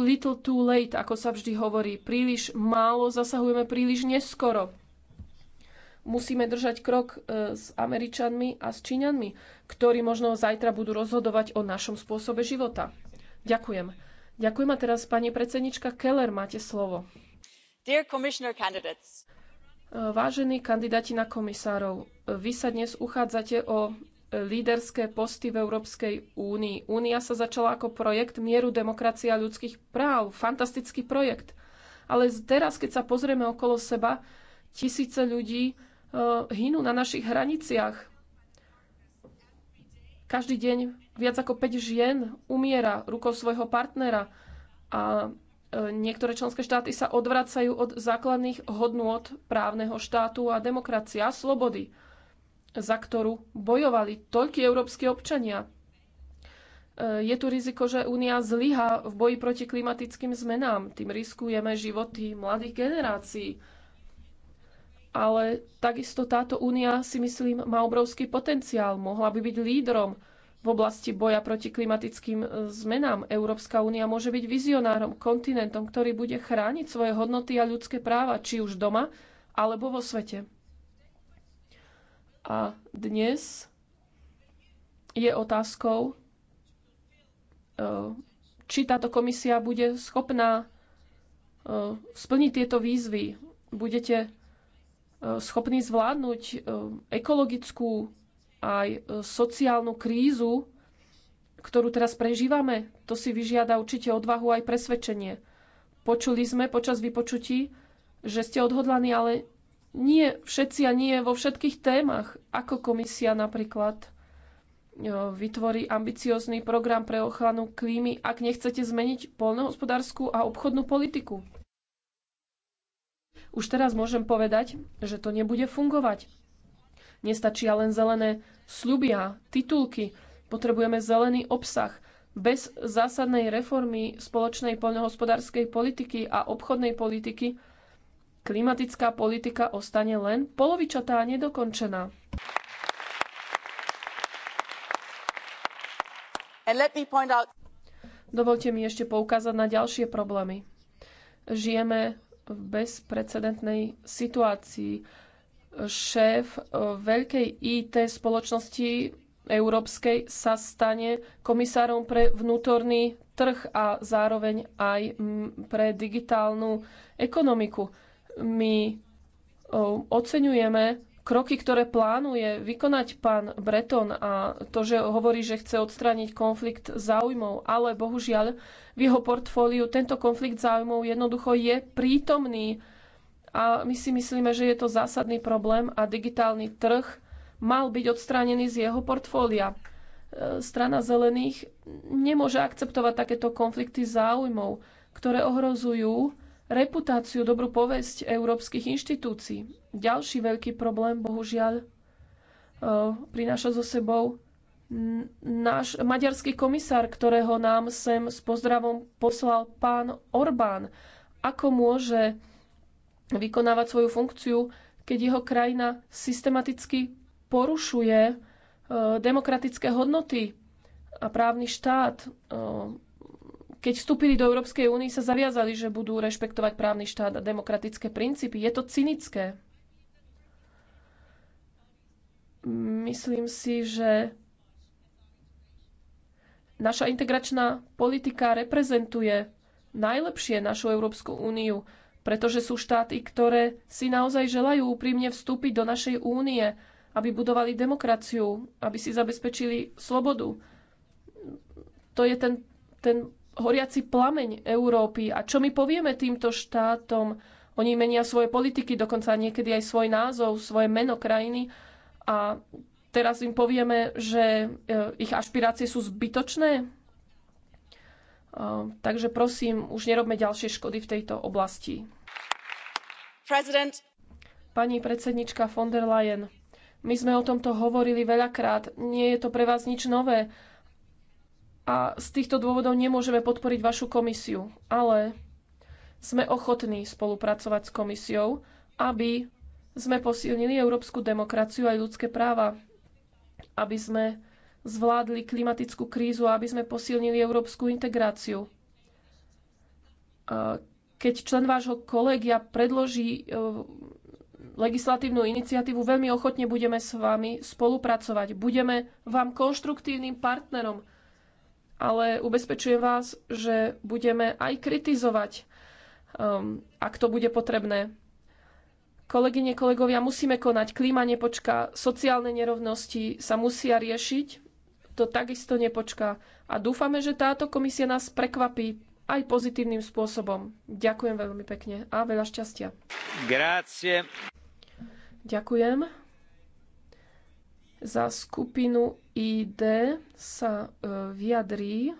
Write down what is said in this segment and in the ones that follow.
little too late, ako sa vždy hovorí. Príliš málo zasahujeme príliš neskoro. Musíme držať krok e, s Američanmi a s Číňanmi, ktorí možno zajtra budú rozhodovať o našom spôsobe života. Ďakujem. Ďakujem a teraz pani predsednička Keller, máte slovo. Dear commissioner candidates. E, vážení kandidáti na komisárov, vy sa dnes uchádzate o líderské posty v Európskej únii. Únia sa začala ako projekt mieru demokracia a ľudských práv. Fantastický projekt. Ale teraz, keď sa pozrieme okolo seba, tisíce ľudí uh, hynú na našich hraniciach. Každý deň viac ako 5 žien umiera rukou svojho partnera a e, niektoré členské štáty sa odvracajú od základných hodnôt právneho štátu a demokracia a slobody za ktorú bojovali toľkí európsky občania. E, je tu riziko, že Únia zlyha v boji proti klimatickým zmenám. Tým riskujeme životy mladých generácií. Ale takisto táto únia, si myslím, má obrovský potenciál. Mohla by byť lídrom v oblasti boja proti klimatickým e, zmenám. Európska únia môže byť vizionárom, kontinentom, ktorý bude chrániť svoje hodnoty a ľudské práva, či už doma, alebo vo svete. A dnes je otázkou, e, či táto komisia bude schopná e, splniť tieto výzvy. Budete e, schopní zvládnuť ekologickú aj sociálnu krízu, ktorú teraz prežívame. To si vyžiada určite odvahu aj presvedčenie. Počuli sme počas vypočutí, že ste odhodlaní, ale nie všetci a nie vo všetkých témach, ako komisia napríklad vytvorí ambiciózny program pre ochranu klímy, ak nechcete zmeniť polnohospodárskú a obchodnú politiku. Už teraz môžem povedať, že to nebude fungovať. Nestačia len zelené sľubia, titulky. Potrebujeme zelený obsah. Bez zásadnej reformy spoločnej poľnohospodárskej politiky a obchodnej politiky klimatická politika ostane len polovičatá a nedokončená. Out... Dovolte mi ešte poukázať na ďalšie problémy. Žijeme v bezprecedentnej situácii. Šéf e, veľkej IT spoločnosti európskej sa stane komisárom pre vnútorný trh a zároveň aj pre digitálnu ekonomiku my oceňujeme kroky, ktoré plánuje vykonať pán Breton a to, že hovorí, že chce odstrániť konflikt záujmov, ale bohužiaľ v jeho portfóliu tento konflikt záujmov jednoducho je prítomný a my si myslíme, že je to zásadný problém a digitálny trh mal byť odstránený z jeho portfólia. E, strana zelených nemôže akceptovať takéto konflikty záujmov, ktoré ohrozujú reputáciu, dobrú povesť európskych inštitúcií. Ďalší veľký problém, bohužiaľ, e, prináša so sebou náš maďarský komisár, ktorého nám sem s pozdravom poslal pán Orbán. Ako môže vykonávať svoju funkciu, keď jeho krajina systematicky porušuje e, demokratické hodnoty a právny štát, e, keď vstúpili do Európskej únie, sa zaviazali, že budú rešpektovať právny štát a demokratické princípy. Je to cynické. Myslím si, že naša integračná politika reprezentuje najlepšie našu Európsku úniu, pretože sú štáty, ktoré si naozaj želajú úprimne vstúpiť do našej únie, aby budovali demokraciu, aby si zabezpečili slobodu. To je ten, ten horiaci plameň Európy. A čo my povieme týmto štátom? Oni menia svoje politiky, dokonca niekedy aj svoj názov, svoje meno krajiny. A teraz im povieme, že e, ich ašpirácie sú zbytočné. Takže prosím, už nerobme ďalšie škody v tejto oblasti. President. Pani predsednička von der Leyen, my sme o tomto hovorili veľakrát. Nie je to pre vás nič nové. A z týchto dôvodov nemôžeme podporiť vašu komisiu, ale sme ochotní spolupracovať s komisiou, aby sme posilnili európsku demokraciu aj ľudské práva, aby sme zvládli klimatickú krízu a aby sme posilnili európsku integráciu. Keď člen vášho kolegia predloží e, legislatívnu iniciatívu, veľmi ochotne budeme s vami spolupracovať. Budeme vám konštruktívnym partnerom ale ubezpečujem vás, že budeme aj kritizovať, um, ak to bude potrebné. Kolegyne, kolegovia, musíme konať. Klíma nepočká, sociálne nerovnosti sa musia riešiť. To takisto nepočká. A dúfame, že táto komisia nás prekvapí aj pozitívnym spôsobom. Ďakujem veľmi pekne a veľa šťastia. Grazie. Ďakujem. Za skupinu ID sa e, vyjadrí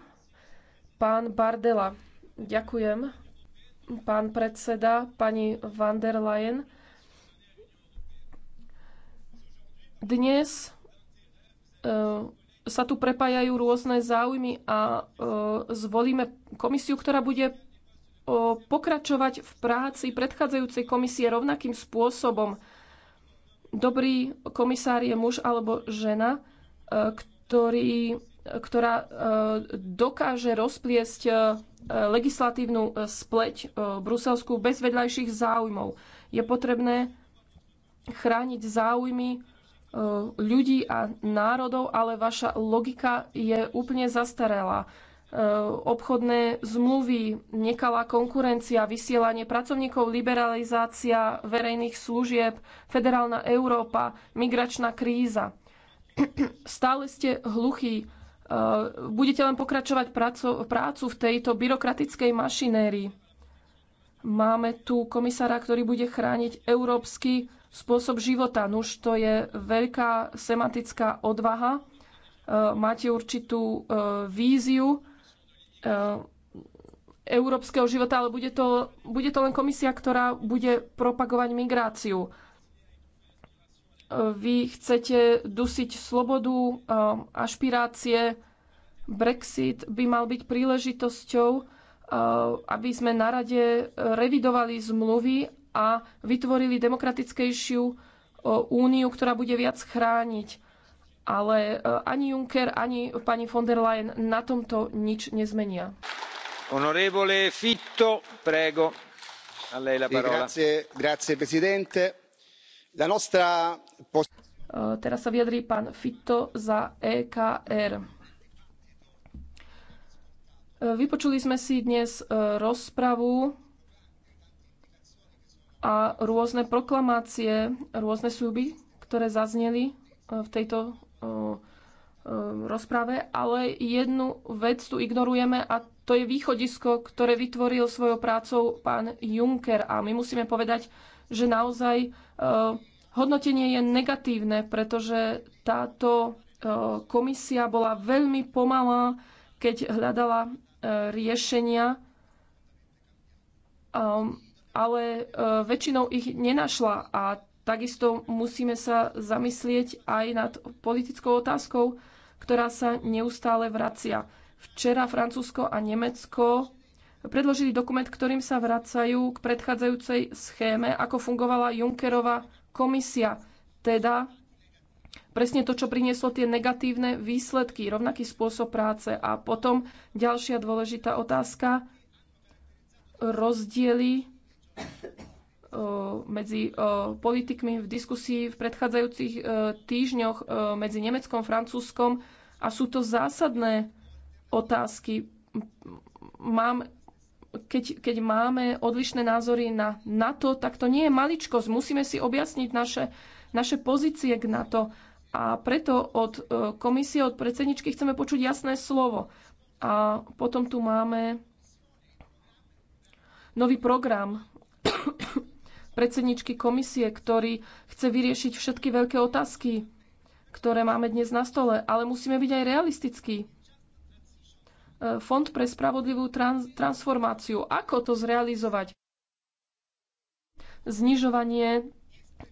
pán Bardela. Ďakujem, pán predseda, pani van der Leyen. Dnes e, sa tu prepájajú rôzne záujmy a e, zvolíme komisiu, ktorá bude pokračovať v práci predchádzajúcej komisie rovnakým spôsobom. Dobrý komisár je muž alebo žena, e, ktorý, ktorá e, dokáže rozpliesť e, legislatívnu spleť bruselskú bez vedľajších záujmov. Je potrebné chrániť záujmy ľudí a národov, ale vaša logika je úplne zastarelá. Eh, obchodné zmluvy, nekalá konkurencia, vysielanie pracovníkov, liberalizácia verejných služieb, federálna Európa, migračná kríza. Stále ste hluchí. Eh, budete len pokračovať prácu, v tejto byrokratickej mašinérii. Máme tu komisára, ktorý bude chrániť európsky spôsob života. Nuž to je veľká semantická odvaha. Eh, máte určitú víziu, Eh, európskeho života, ale bude to, bude to len komisia, ktorá bude propagovať migráciu. Eh, vy chcete dusiť slobodu, eh, ašpirácie. Brexit by mal byť príležitosťou, aby sme na rade revidovali zmluvy a vytvorili demokratickejšiu úniu, ktorá bude viac chrániť ale e, ani Juncker, ani pani von der Leyen na tomto nič nezmenia. Onorevole Fitto, prego. A lei la parola. Grazie, grazie presidente. La nostra e, Teraz sa vyjadrí pán Fitto za EKR. E, vypočuli sme si dnes rozpravu a rôzne proklamácie, rôzne súby, ktoré zazneli v tejto rozprave, ale jednu vec tu ignorujeme a to je východisko, ktoré vytvoril svojou prácou pán Juncker. A my musíme povedať, že naozaj hodnotenie je negatívne, pretože táto komisia bola veľmi pomalá, keď hľadala e, riešenia, ale e, väčšinou ich nenašla. A Takisto musíme sa zamyslieť aj nad politickou otázkou, ktorá sa neustále vracia. Včera Francúzsko a Nemecko predložili dokument, ktorým sa vracajú k predchádzajúcej schéme, ako fungovala Junckerova komisia, teda presne to, čo prinieslo tie negatívne výsledky, rovnaký spôsob práce. A potom ďalšia dôležitá otázka, rozdiely medzi politikmi v diskusii v predchádzajúcich e, týždňoch e, medzi Nemeckom, a Francúzskom a sú to zásadné otázky. Mám, keď, keď máme odlišné názory na NATO, tak to nie je maličkosť. Musíme si objasniť naše, naše pozície k NATO. A preto od e, komisie, od predsedničky chceme počuť jasné slovo. A potom tu máme nový program predsedničky komisie, ktorý chce vyriešiť všetky veľké otázky, ktoré máme dnes na stole, ale musíme byť aj realistickí. E, Fond pre spravodlivú trans- transformáciu. Ako to zrealizovať? Znižovanie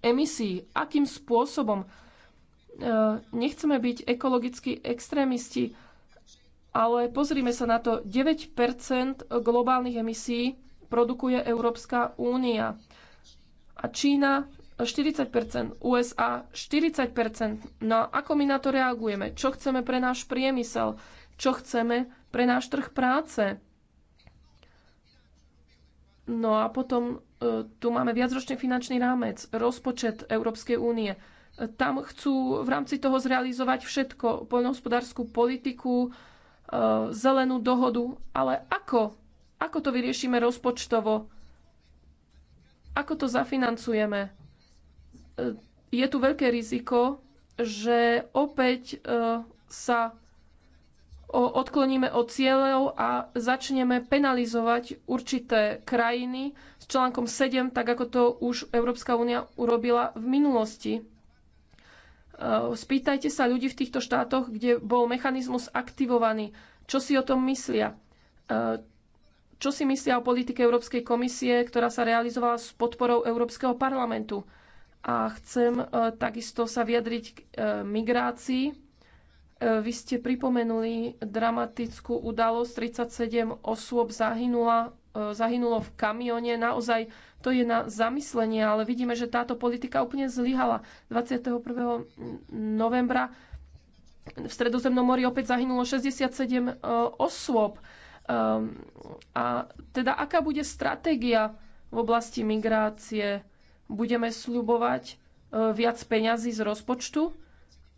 emisí. Akým spôsobom? E, nechceme byť ekologickí extrémisti, ale pozrime sa na to. 9 globálnych emisí produkuje Európska únia a Čína 40%, USA 40%. No a ako my na to reagujeme? Čo chceme pre náš priemysel? Čo chceme pre náš trh práce? No a potom e, tu máme viacročný finančný rámec, rozpočet Európskej únie. E, tam chcú v rámci toho zrealizovať všetko, poľnohospodárskú politiku, e, zelenú dohodu, ale ako? Ako to vyriešime rozpočtovo? Ako to zafinancujeme? E, je tu veľké riziko, že opäť e, sa odkloníme od cieľov a začneme penalizovať určité krajiny s článkom 7, tak ako to už Európska únia urobila v minulosti. E, spýtajte sa ľudí v týchto štátoch, kde bol mechanizmus aktivovaný, čo si o tom myslia čo si myslia o politike Európskej komisie, ktorá sa realizovala s podporou Európskeho parlamentu. A chcem e, takisto sa vyjadriť k e, migrácii. E, vy ste pripomenuli dramatickú udalosť. 37 osôb zahynula, zahynulo v kamione. Naozaj to je na zamyslenie, ale vidíme, že táto politika úplne zlyhala. 21. novembra v Stredozemnom mori opäť zahynulo 67 osôb. Um, a teda aká bude stratégia v oblasti migrácie? Budeme sľubovať uh, viac peňazí z rozpočtu,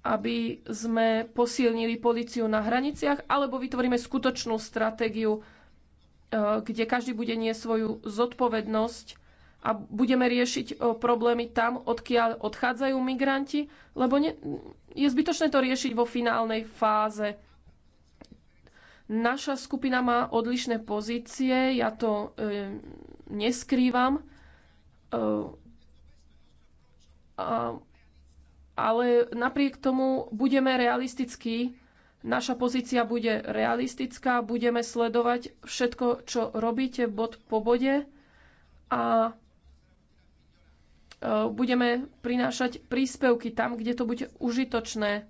aby sme posilnili policiu na hraniciach, alebo vytvoríme skutočnú stratégiu, uh, kde každý bude nie svoju zodpovednosť a budeme riešiť uh, problémy tam, odkiaľ odchádzajú migranti, lebo ne, je zbytočné to riešiť vo finálnej fáze Naša skupina má odlišné pozície, ja to e, neskrývam, e, a, ale napriek tomu budeme realistickí. Naša pozícia bude realistická, budeme sledovať všetko, čo robíte bod po bode a e, budeme prinášať príspevky tam, kde to bude užitočné.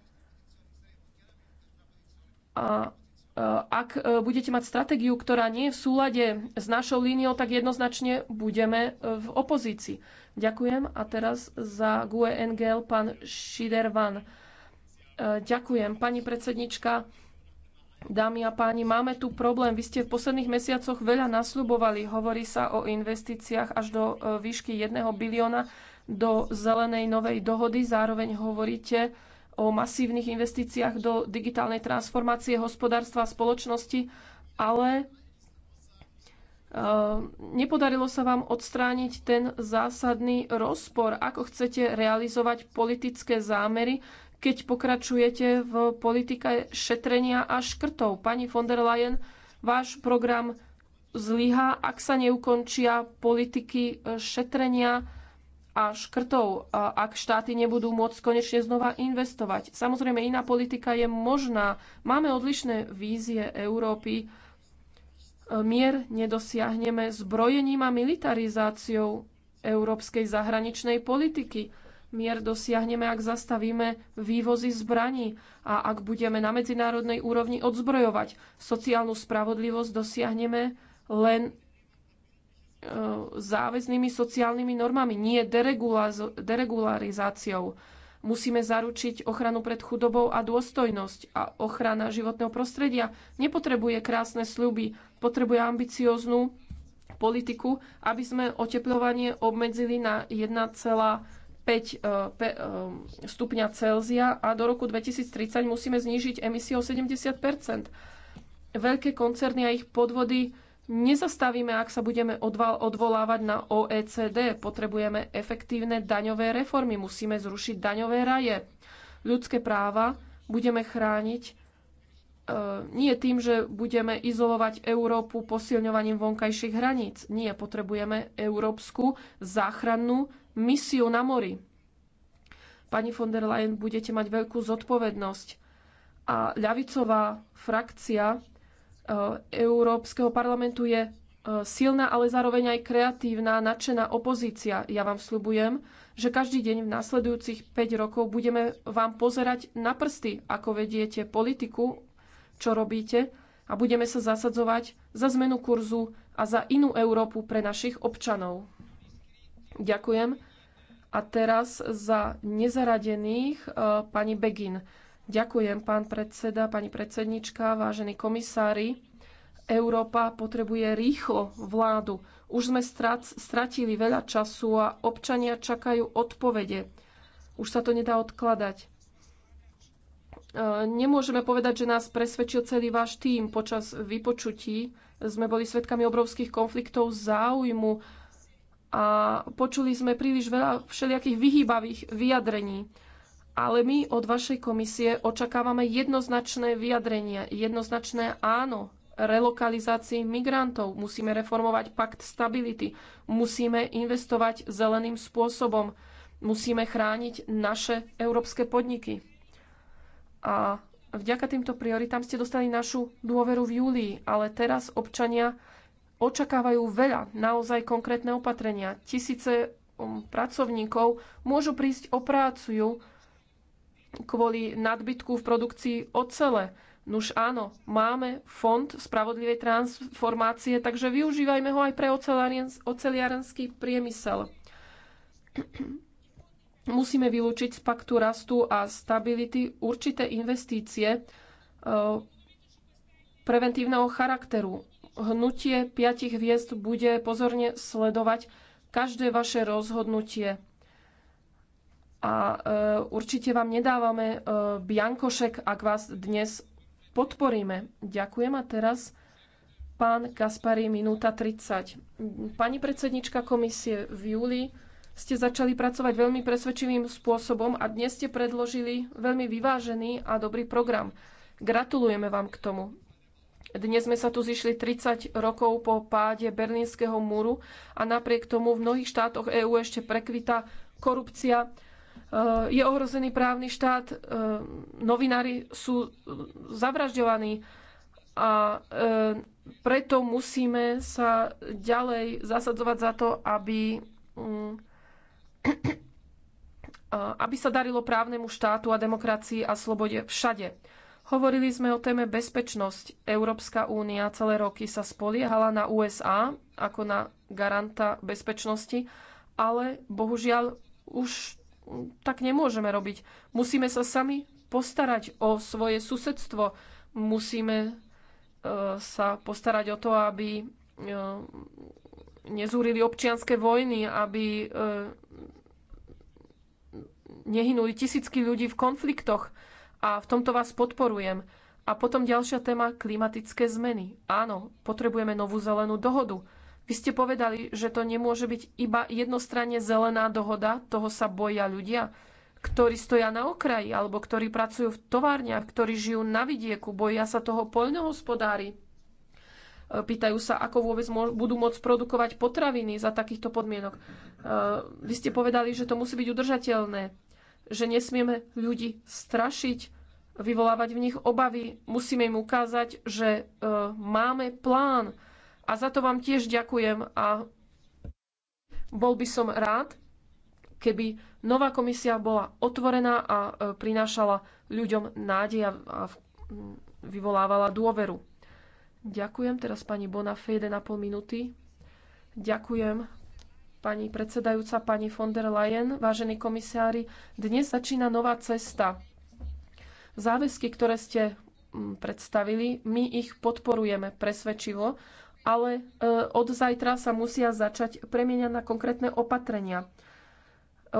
A Eh, ak eh, budete mať stratégiu, ktorá nie je v súlade s našou líniou, tak jednoznačne budeme eh, v opozícii. Ďakujem. A teraz za GUE NGL pán Šidervan. Ďakujem. Pani predsednička, Dámy a páni, máme tu problém. Vy ste v posledných mesiacoch veľa nasľubovali. Hovorí sa o investíciách až do výšky 1 bilióna do zelenej novej dohody. Zároveň hovoríte o masívnych investíciách do digitálnej transformácie hospodárstva a spoločnosti, ale eh, nepodarilo sa vám odstrániť ten zásadný rozpor, ako chcete realizovať politické zámery, keď pokračujete v politike šetrenia a škrtov. Pani von der Leyen, váš program zlyhá, ak sa neukončia politiky eh, šetrenia, a škrtov, ak štáty nebudú môcť konečne znova investovať. Samozrejme, iná politika je možná. Máme odlišné vízie Európy. Mier nedosiahneme zbrojením a militarizáciou európskej zahraničnej politiky. Mier dosiahneme, ak zastavíme vývozy zbraní a ak budeme na medzinárodnej úrovni odzbrojovať. Sociálnu spravodlivosť dosiahneme len E, záväznými sociálnymi normami, nie deregularizáciou. Musíme zaručiť ochranu pred chudobou a dôstojnosť a ochrana životného prostredia nepotrebuje krásne sľuby, potrebuje ambicióznu politiku, aby sme oteplovanie obmedzili na 1,5 e, e, stupňa Celzia a do roku 2030 musíme znížiť emisie o 70 Veľké koncerny a ich podvody nezastavíme, ak sa budeme odvolávať na OECD. Potrebujeme efektívne daňové reformy, musíme zrušiť daňové raje. Ľudské práva budeme chrániť e, nie tým, že budeme izolovať Európu posilňovaním vonkajších hraníc. Nie, potrebujeme európsku záchrannú misiu na mori. Pani von der Leyen, budete mať veľkú zodpovednosť. A ľavicová frakcia Európskeho parlamentu je e, silná, ale zároveň aj kreatívna, nadšená opozícia. Ja vám slubujem, že každý deň v nasledujúcich 5 rokov budeme vám pozerať na prsty, ako vediete politiku, čo robíte a budeme sa zasadzovať za zmenu kurzu a za inú Európu pre našich občanov. Ďakujem. A teraz za nezaradených e, pani Begin. Ďakujem, pán predseda, pani predsednička, vážení komisári. Európa potrebuje rýchlo vládu. Už sme stratili veľa času a občania čakajú odpovede. Už sa to nedá odkladať. E, nemôžeme povedať, že nás presvedčil celý váš tím Počas vypočutí sme boli svedkami obrovských konfliktov záujmu a počuli sme príliš veľa všelijakých vyhýbavých vyjadrení. Ale my od vašej komisie očakávame jednoznačné vyjadrenie, jednoznačné áno relokalizácii migrantov, musíme reformovať pakt stability, musíme investovať zeleným spôsobom, musíme chrániť naše európske podniky. A vďaka týmto prioritám ste dostali našu dôveru v júlii, ale teraz občania očakávajú veľa, naozaj konkrétne opatrenia. Tisíce um, pracovníkov môžu prísť o prácu, kvôli nadbytku v produkcii ocele. Nuž áno, máme fond spravodlivej transformácie, takže využívajme ho aj pre oceliarenský priemysel. Musíme vylúčiť z paktu rastu a stability určité investície e, preventívneho charakteru. Hnutie piatich hviezd bude pozorne sledovať každé vaše rozhodnutie a e, určite vám nedávame e, biankošek, ak vás dnes podporíme. Ďakujem a teraz pán Kaspari, minúta 30. Pani predsednička komisie, v júli ste začali pracovať veľmi presvedčivým spôsobom a dnes ste predložili veľmi vyvážený a dobrý program. Gratulujeme vám k tomu. Dnes sme sa tu zišli 30 rokov po páde Berlínskeho múru a napriek tomu v mnohých štátoch EÚ ešte prekvita korupcia, Eh, je ohrozený právny štát, eh, novinári sú eh, zavražďovaní a preto musíme sa ďalej zasadzovať za to, aby, mm, aby sa darilo právnemu štátu a demokracii a slobode všade. Hovorili sme o téme bezpečnosť. Európska únia celé roky sa spoliehala na USA ako na garanta bezpečnosti, ale bohužiaľ už tak nemôžeme robiť. Musíme sa sami postarať o svoje susedstvo. Musíme e, sa postarať o to, aby e, nezúrili občianské vojny, aby e, nehynuli tisícky ľudí v konfliktoch. A v tomto vás podporujem. A potom ďalšia téma klimatické zmeny. Áno, potrebujeme novú zelenú dohodu vy ste povedali, že to nemôže byť iba jednostranne zelená dohoda, toho sa boja ľudia, ktorí stoja na okraji alebo ktorí pracujú v továrniach, ktorí žijú na vidieku, boja sa toho poľnohospodári. E, pýtajú sa, ako vôbec budú môcť produkovať potraviny za takýchto podmienok. E, vy ste povedali, že to musí byť udržateľné, že nesmieme ľudí strašiť, vyvolávať v nich obavy. Musíme im ukázať, že e, máme plán, a za to vám tiež ďakujem a bol by som rád, keby nová komisia bola otvorená a e, prinášala ľuďom nádej a vyvolávala dôveru. Ďakujem teraz pani Bonafé, 1,5 minúty. Ďakujem pani predsedajúca, pani von der Leyen, vážení komisári. Dnes začína nová cesta. Záväzky, ktoré ste predstavili, my ich podporujeme presvedčivo ale e, od zajtra sa musia začať premieňať na konkrétne opatrenia. E,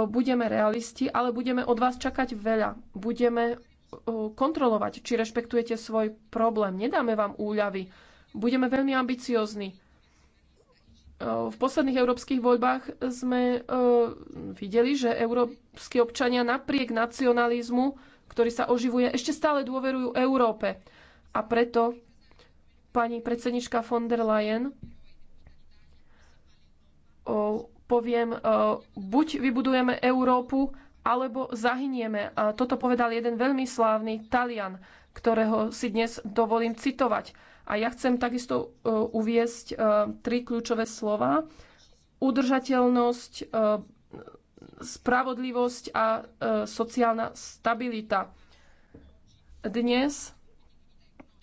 budeme realisti, ale budeme od vás čakať veľa. Budeme e, kontrolovať, či rešpektujete svoj problém. Nedáme vám úľavy. Budeme veľmi ambiciozni. V posledných európskych voľbách sme videli, že európsky občania napriek nacionalizmu, ktorý sa oživuje, ešte stále dôverujú Európe. A preto pani predsednička von der Leyen, poviem, buď vybudujeme Európu, alebo zahynieme. A toto povedal jeden veľmi slávny Talian, ktorého si dnes dovolím citovať. A ja chcem takisto uviesť tri kľúčové slova. Udržateľnosť, spravodlivosť a sociálna stabilita. Dnes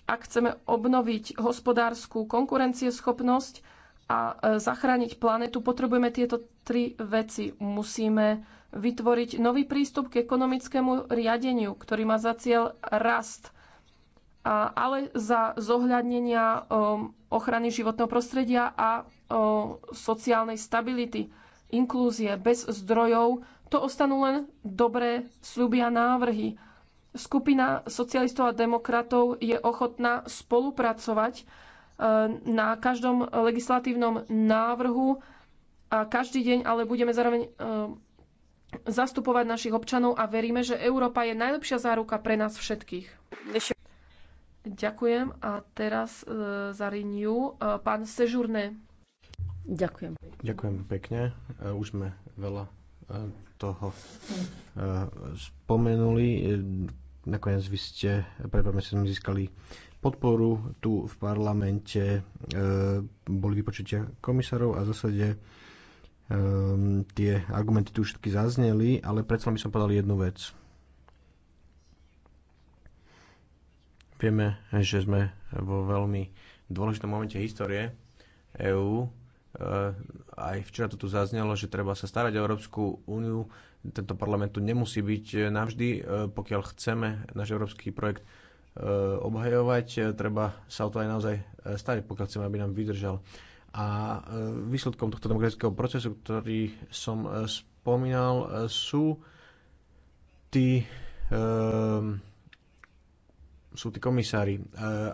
ak chceme obnoviť hospodárskú konkurencieschopnosť a e, zachrániť planetu, potrebujeme tieto tri veci. Musíme vytvoriť nový prístup k ekonomickému riadeniu, ktorý má za cieľ rast, ale za zohľadnenia e, ochrany životného prostredia a e, sociálnej stability, inklúzie bez zdrojov. To ostanú len dobré sľuby a návrhy Skupina socialistov a demokratov je ochotná spolupracovať e, na každom legislatívnom návrhu a každý deň, ale budeme zároveň e, zastupovať našich občanov a veríme, že Európa je najlepšia záruka pre nás všetkých. Ďakujem a teraz e, za Renew pán Sežurné. Ďakujem. Ďakujem pekne. Už sme veľa toho spomenuli. Nakoniec vy ste pred mesiacom získali podporu tu v parlamente, e, boli vypočutia komisárov a v zásade e, tie argumenty tu všetky zazneli, ale predsa by som povedal jednu vec. Vieme, že sme vo veľmi dôležitom momente histórie EÚ. E, aj včera to tu zaznelo, že treba sa starať o Európsku úniu tento parlament tu nemusí byť e, navždy. E, pokiaľ chceme náš európsky projekt e, obhajovať, treba sa o to aj naozaj stať, pokiaľ chceme, aby nám vydržal. A výsledkom tohto demokratického procesu, ktorý som spomínal, sú tí, sú tí komisári.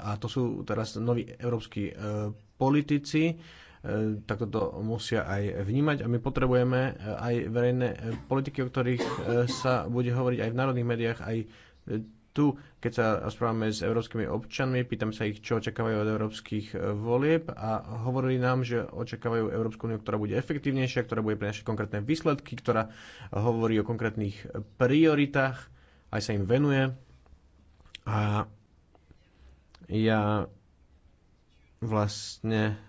A to sú teraz noví európsky politici, E, takto to musia aj vnímať a my potrebujeme e, aj verejné e, politiky, o ktorých sa bude hovoriť aj v národných médiách, aj tu, keď sa rozprávame s európskymi občanmi, pýtam sa ich, čo očakávajú od európskych volieb a hovorili nám, že očakávajú Európsku úniu, ktorá bude efektívnejšia, ktorá bude prinášať konkrétne výsledky, ktorá hovorí o konkrétnych prioritách, aj sa im venuje. A ja vlastne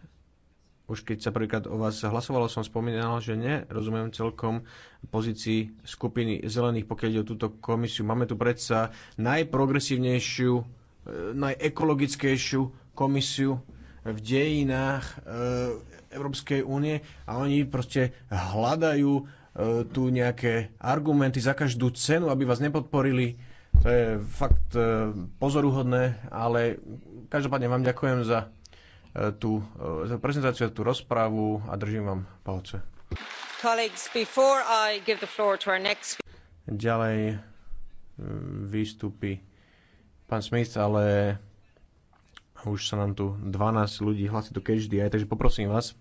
už keď sa prvýkrát o vás hlasovalo, som spomínal, že nerozumiem celkom pozícii skupiny zelených, pokiaľ ide o túto komisiu. Máme tu predsa najprogresívnejšiu, e, najekologickejšiu komisiu v dejinách e, Európskej únie a oni proste hľadajú e, tu nejaké argumenty za každú cenu, aby vás nepodporili. To je fakt pozoruhodné, ale každopádne vám ďakujem za tú eh, prezentáciu a tú rozprávu a držím vám palce. Ďalej eh, výstupy pán Smith, ale už sa nám tu 12 ľudí hlasí do každý aj, takže poprosím vás,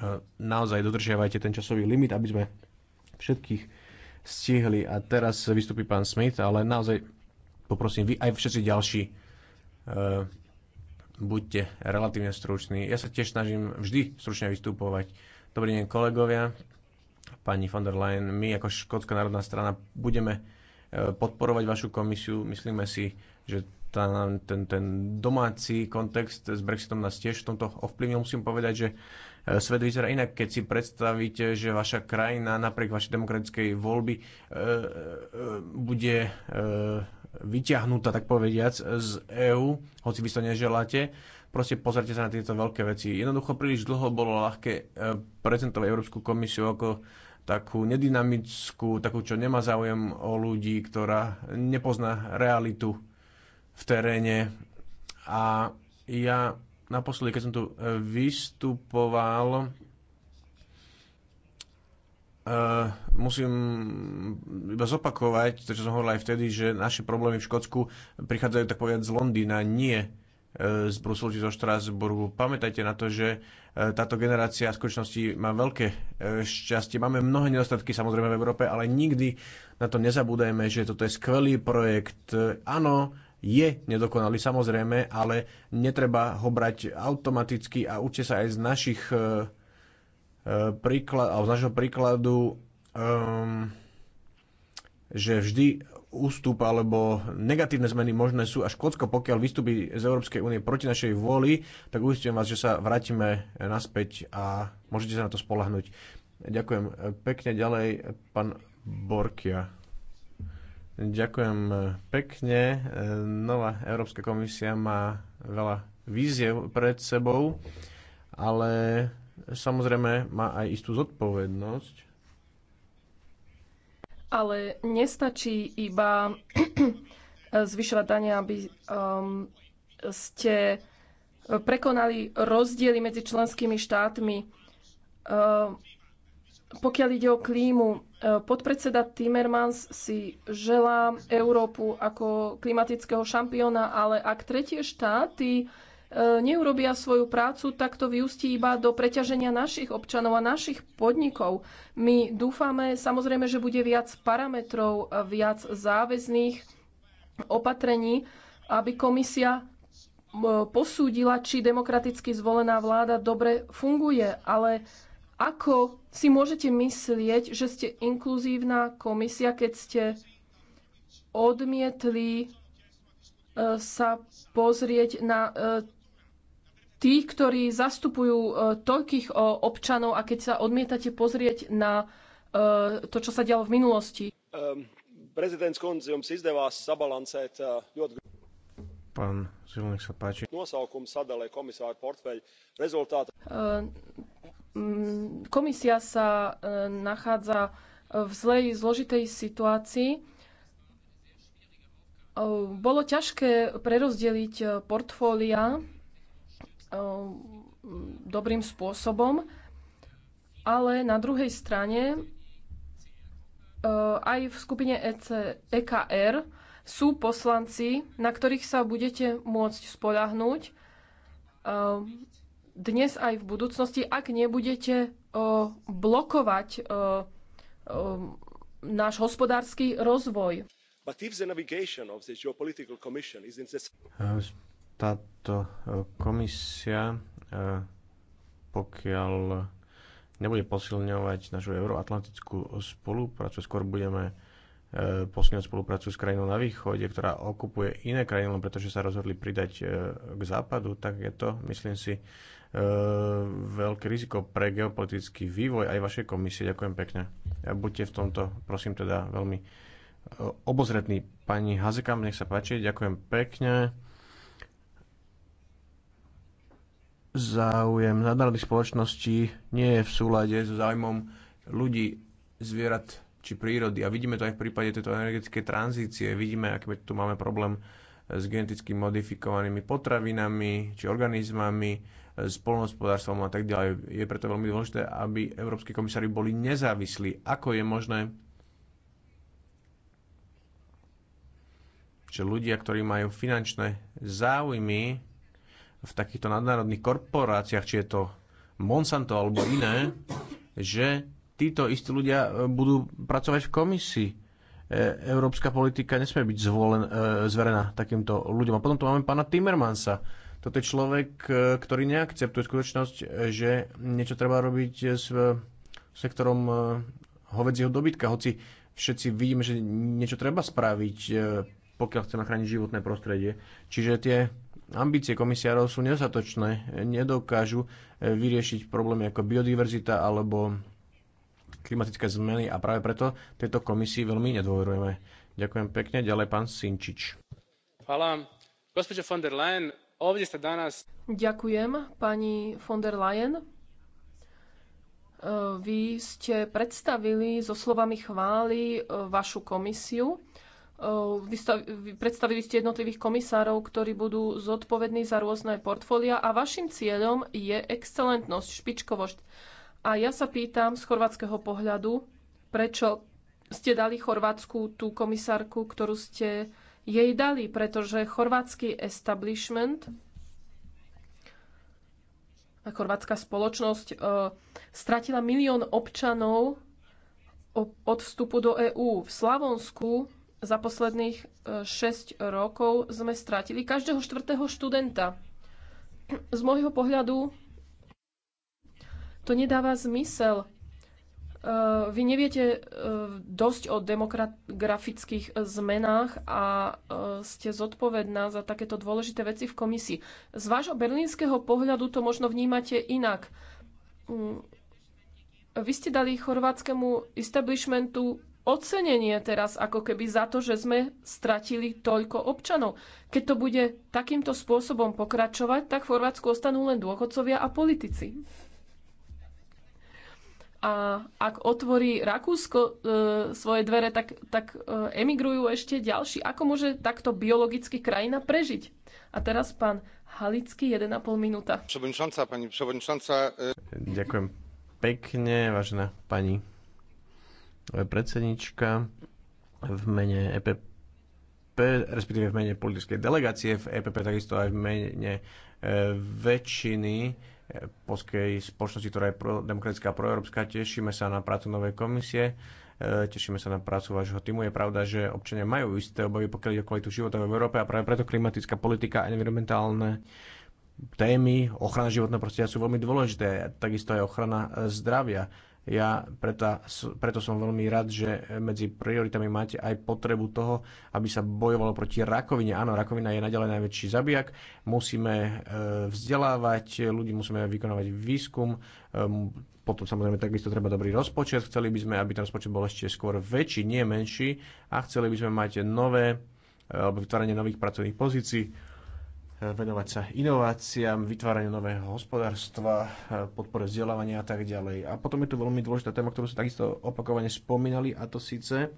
eh, naozaj dodržiavajte ten časový limit, aby sme všetkých stihli. A teraz vystupí pán Smith, ale naozaj poprosím vy aj všetci ďalší buďte relatívne struční. Ja sa tiež snažím vždy stručne vystupovať. Dobrý deň kolegovia, pani von der Leyen, my ako Škótska národná strana budeme e, podporovať vašu komisiu. Myslíme si, že tá, ten, ten domáci kontext s Brexitom nás tiež v tomto ovplyvnil. Musím povedať, že e, svet vyzerá inak, keď si predstavíte, že vaša krajina napriek vašej demokratickej voľby e, e, e bude e, vyťahnutá, tak povediac, z EÚ, hoci vy to neželáte. Proste pozrite sa na tieto veľké veci. Jednoducho príliš dlho bolo ľahké e, prezentovať Európsku komisiu ako takú nedynamickú, takú, čo nemá záujem o ľudí, ktorá nepozná realitu v teréne. A ja naposledy, keď som tu e, vystupoval, Uh, musím iba zopakovať to, čo som hovoril aj vtedy, že naše problémy v Škótsku prichádzajú tak povedať z Londýna, nie eh, z Bruselu či zo Štrásburgu. Pamätajte na to, že eh, táto generácia v skutočnosti má veľké šťastie. Máme mnohé nedostatky samozrejme v Európe, ale nikdy na to nezabúdajme, že toto je skvelý projekt. Áno, je nedokonalý samozrejme, ale netreba ho brať automaticky a učte sa aj z našich Eh, príklad, alebo z našho príkladu, um, že vždy ústup alebo negatívne zmeny možné sú a Škótsko, pokiaľ vystúpi z Európskej únie proti našej vôli, tak uistujem vás, že sa vrátime eh, naspäť a môžete sa na to spolahnuť. Ďakujem eh, pekne. Ďalej pán Borkia. Ďakujem pekne. Nová Európska komisia má veľa víziev pred sebou, ale samozrejme má aj istú zodpovednosť. Ale nestačí iba zvyšovať dania, aby um, ste prekonali rozdiely medzi členskými štátmi. Um, pokiaľ ide o klímu, um, podpredseda Timmermans si želá Európu ako klimatického šampióna, ale ak tretie štáty uh, E, neurobia svoju prácu, tak to vyústí iba do preťaženia našich občanov a našich podnikov. My dúfame samozrejme, že bude viac parametrov, e, viac záväzných opatrení, aby komisia e, posúdila, či demokraticky zvolená vláda dobre funguje, ale ako si môžete myslieť, že ste inkluzívna komisia, keď ste odmietli sa pozrieť na Tí, ktorí zastupujú e, toľkých e, občanov a keď sa odmietate pozrieť na e, to, čo sa dialo v minulosti. Ehm, Pán Zilnek sa páči. Mm, komisia sa nachádza v zlej, zložitej situácii. Bolo ťažké prerozdeliť portfólia Eh, dobrým spôsobom, ale na druhej strane eh, aj v skupine EC, EKR sú poslanci, na ktorých sa budete môcť spolahnuť eh, dnes aj v budúcnosti, ak nebudete blokovať náš hospodársky rozvoj. Táto e, komisia, e, pokiaľ nebude posilňovať našu euroatlantickú spoluprácu, skôr budeme e, posilňovať spoluprácu s krajinou na východe, ktorá okupuje iné krajiny, len pretože sa rozhodli pridať k západu, tak je to, myslím si, veľké riziko pre geopolitický vývoj aj vašej komisie. Ďakujem pekne. Buďte v tomto, prosím teda, veľmi obozretný. Pani Hazekam, nech sa páči, ďakujem pekne. záujem nadnárodných spoločností nie je v súlade so záujmom ľudí, zvierat či prírody. A vidíme to aj v prípade tejto energetické tranzície. Vidíme, aký tu máme problém s geneticky modifikovanými potravinami či organizmami, s polnohospodárstvom a tak ďalej. Je preto veľmi dôležité, aby európsky komisári boli nezávislí. Ako je možné, že ľudia, ktorí majú finančné záujmy, v takýchto nadnárodných korporáciách, či je to Monsanto alebo iné, že títo istí ľudia e, budú pracovať v komisii. E, európska politika nesmie byť zvolen, e, zverená takýmto ľuďom. A potom tu máme pána Timmermansa. Toto je človek, ktorý neakceptuje skutočnosť, že niečo treba robiť s sektorom hovedzieho dobytka, hoci všetci vidíme, že niečo treba spraviť, pokiaľ chceme chrániť životné prostredie. Čiže tie ambície komisiárov sú nedostatočné. Nedokážu e, vyriešiť problémy ako biodiverzita alebo klimatické zmeny a práve preto tejto komisii veľmi nedôverujeme. Ďakujem pekne. Ďalej pán Sinčič. Hvala. Gospođo von der Leyen, ste danas... Ďakujem, pani von der Leyen. E, vy ste predstavili so slovami chvály e, vašu komisiu predstavili ste jednotlivých komisárov, ktorí budú zodpovední za rôzne portfólia a vašim cieľom je excelentnosť, špičkovosť. A ja sa pýtam z chorvátskeho pohľadu, prečo ste dali Chorvátsku tú komisárku, ktorú ste jej dali, pretože chorvátsky establishment a chorvátska spoločnosť e, stratila milión občanov od vstupu do EÚ. V Slavonsku za posledných 6 e, rokov sme stratili každého štvrtého študenta. Z môjho pohľadu to nedáva zmysel. E, vy neviete e, dosť o demografických zmenách a ste zodpovedná za takéto dôležité veci v komisii. Z vášho berlínskeho pohľadu to možno vnímate inak. Mm, vy ste dali chorvátskemu establishmentu ocenenie teraz ako keby za to, že sme stratili toľko občanov. Keď to bude takýmto spôsobom pokračovať, tak v Chorvátsku ostanú len dôchodcovia a politici. A ak otvorí Rakúsko e, svoje dvere, tak, tak e, emigrujú ešte ďalší. Ako môže takto biologicky krajina prežiť? A teraz pán Halický, 1,5 minúta. E- Ďakujem pekne, vážená pani predsednička v mene EPP, respektíve v mene politickej delegácie v EPP, takisto aj v mene e, väčšiny e, polskej spoločnosti, ktorá je demokratická a proeurópska. Tešíme sa na prácu novej komisie, e, tešíme sa na prácu vášho týmu. Je pravda, že občania majú isté obavy, pokiaľ ide o kvalitu života v Európe a práve preto klimatická politika a environmentálne témy, ochrana životného prostredia sú veľmi dôležité, takisto aj ochrana zdravia. Ja preto, preto som veľmi rád, že medzi prioritami máte aj potrebu toho, aby sa bojovalo proti rakovine. Áno, rakovina je naďalej najväčší zabijak. Musíme e, vzdelávať ľudí, musíme vykonávať výskum. Ehm, potom samozrejme takisto treba dobrý rozpočet. Chceli by sme, aby ten rozpočet bol ešte skôr väčší, nie menší. A chceli by sme mať nové e, alebo vytváranie nových pracovných pozícií venovať sa inováciám, vytváraniu nového hospodárstva, podpore vzdelávania a tak ďalej. A potom je tu veľmi dôležitá téma, ktorú sa takisto opakovane spomínali, a to síce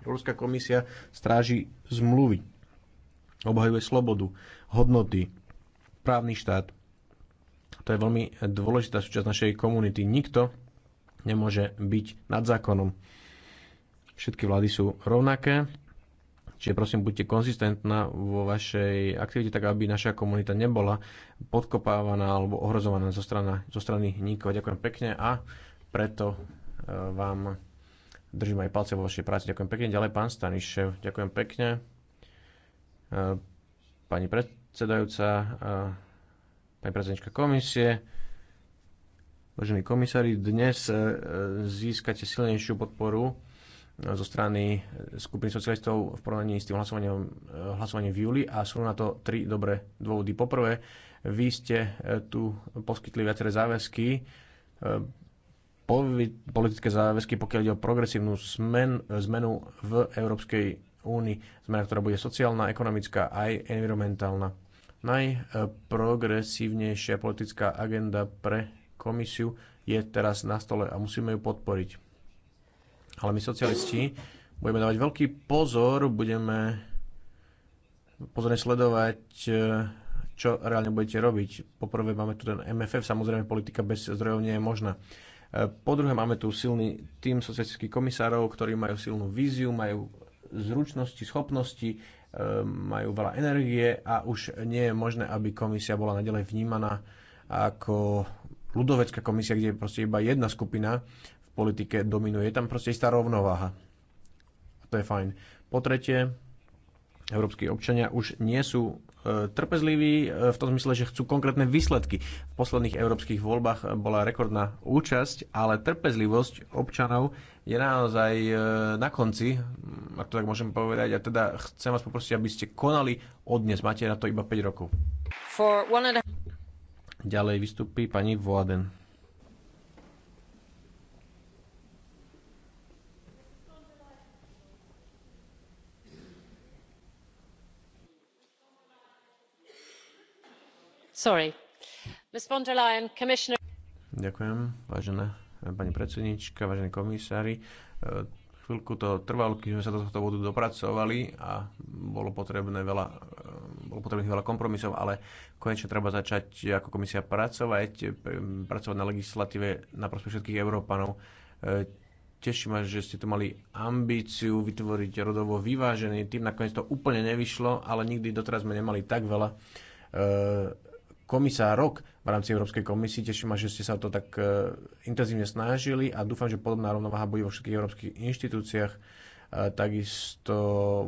Európska komisia stráži zmluvy, obhajuje slobodu, hodnoty, právny štát. To je veľmi dôležitá súčasť našej komunity. Nikto nemôže byť nad zákonom. Všetky vlády sú rovnaké Čiže prosím, buďte konzistentná vo vašej aktivite, tak aby naša komunita nebola podkopávaná alebo ohrozovaná zo, strana, zo strany nikoho. Ďakujem pekne a preto e, vám držím aj palce vo vašej práci. Ďakujem pekne. Ďalej pán Stanišev. Ďakujem pekne. E, pani predsedajúca, e, pani predsednička komisie, Vážení komisári, dnes získate silnejšiu podporu zo strany skupiny socialistov v porovnaní s tým hlasovaním, eh, hlasovaním v júli a sú na to tri dobré dôvody. Poprvé, vy ste eh, tu poskytli viaceré záväzky, eh, politické záväzky, pokiaľ ide o progresívnu zmen, zmenu v Európskej únii. Zmena, ktorá bude sociálna, ekonomická aj environmentálna. Najprogresívnejšia politická agenda pre komisiu je teraz na stole a musíme ju podporiť ale my socialisti budeme dávať veľký pozor, budeme pozorne sledovať, e, čo reálne budete robiť. Poprvé máme tu ten MFF, samozrejme politika bez zdrojov nie je možná. E, po druhé máme tu silný tým socialistických komisárov, ktorí majú silnú víziu, majú zručnosti, schopnosti, e, majú veľa energie a už nie je možné, aby komisia bola nadalej vnímaná ako ľudovecká komisia, kde je proste iba jedna skupina politike dominuje. Je tam proste istá rovnováha. A to je fajn. Po tretie, európsky občania už nie sú e, trpezliví e, v tom zmysle, že chcú konkrétne výsledky. V posledných európskych voľbách e, bola rekordná účasť, ale trpezlivosť občanov je naozaj na konci, mm, ak to tak môžem povedať. A teda chcem vás poprosiť, aby ste konali od dnes. Máte na to iba 5 rokov. Ďalej vystupí pani Voaden. Ďakujem, vážená pani predsednička, vážení komisári. E, chvíľku to trvalo, kým sme sa do tohto bodu dopracovali a bolo potrebné veľa, e, bolo potrebných veľa kompromisov, ale konečne treba začať ako komisia pracovať, pracovať na legislatíve na prospech všetkých Európanov. E, teší ma, že ste tu mali ambíciu vytvoriť rodovo vyvážený tým, nakoniec to úplne nevyšlo, ale nikdy doteraz sme nemali tak veľa komisárok v rámci Európskej komisie. Teším ma, že ste sa o to tak e, intenzívne snažili a dúfam, že podobná rovnováha bude vo všetkých európskych inštitúciách, e, takisto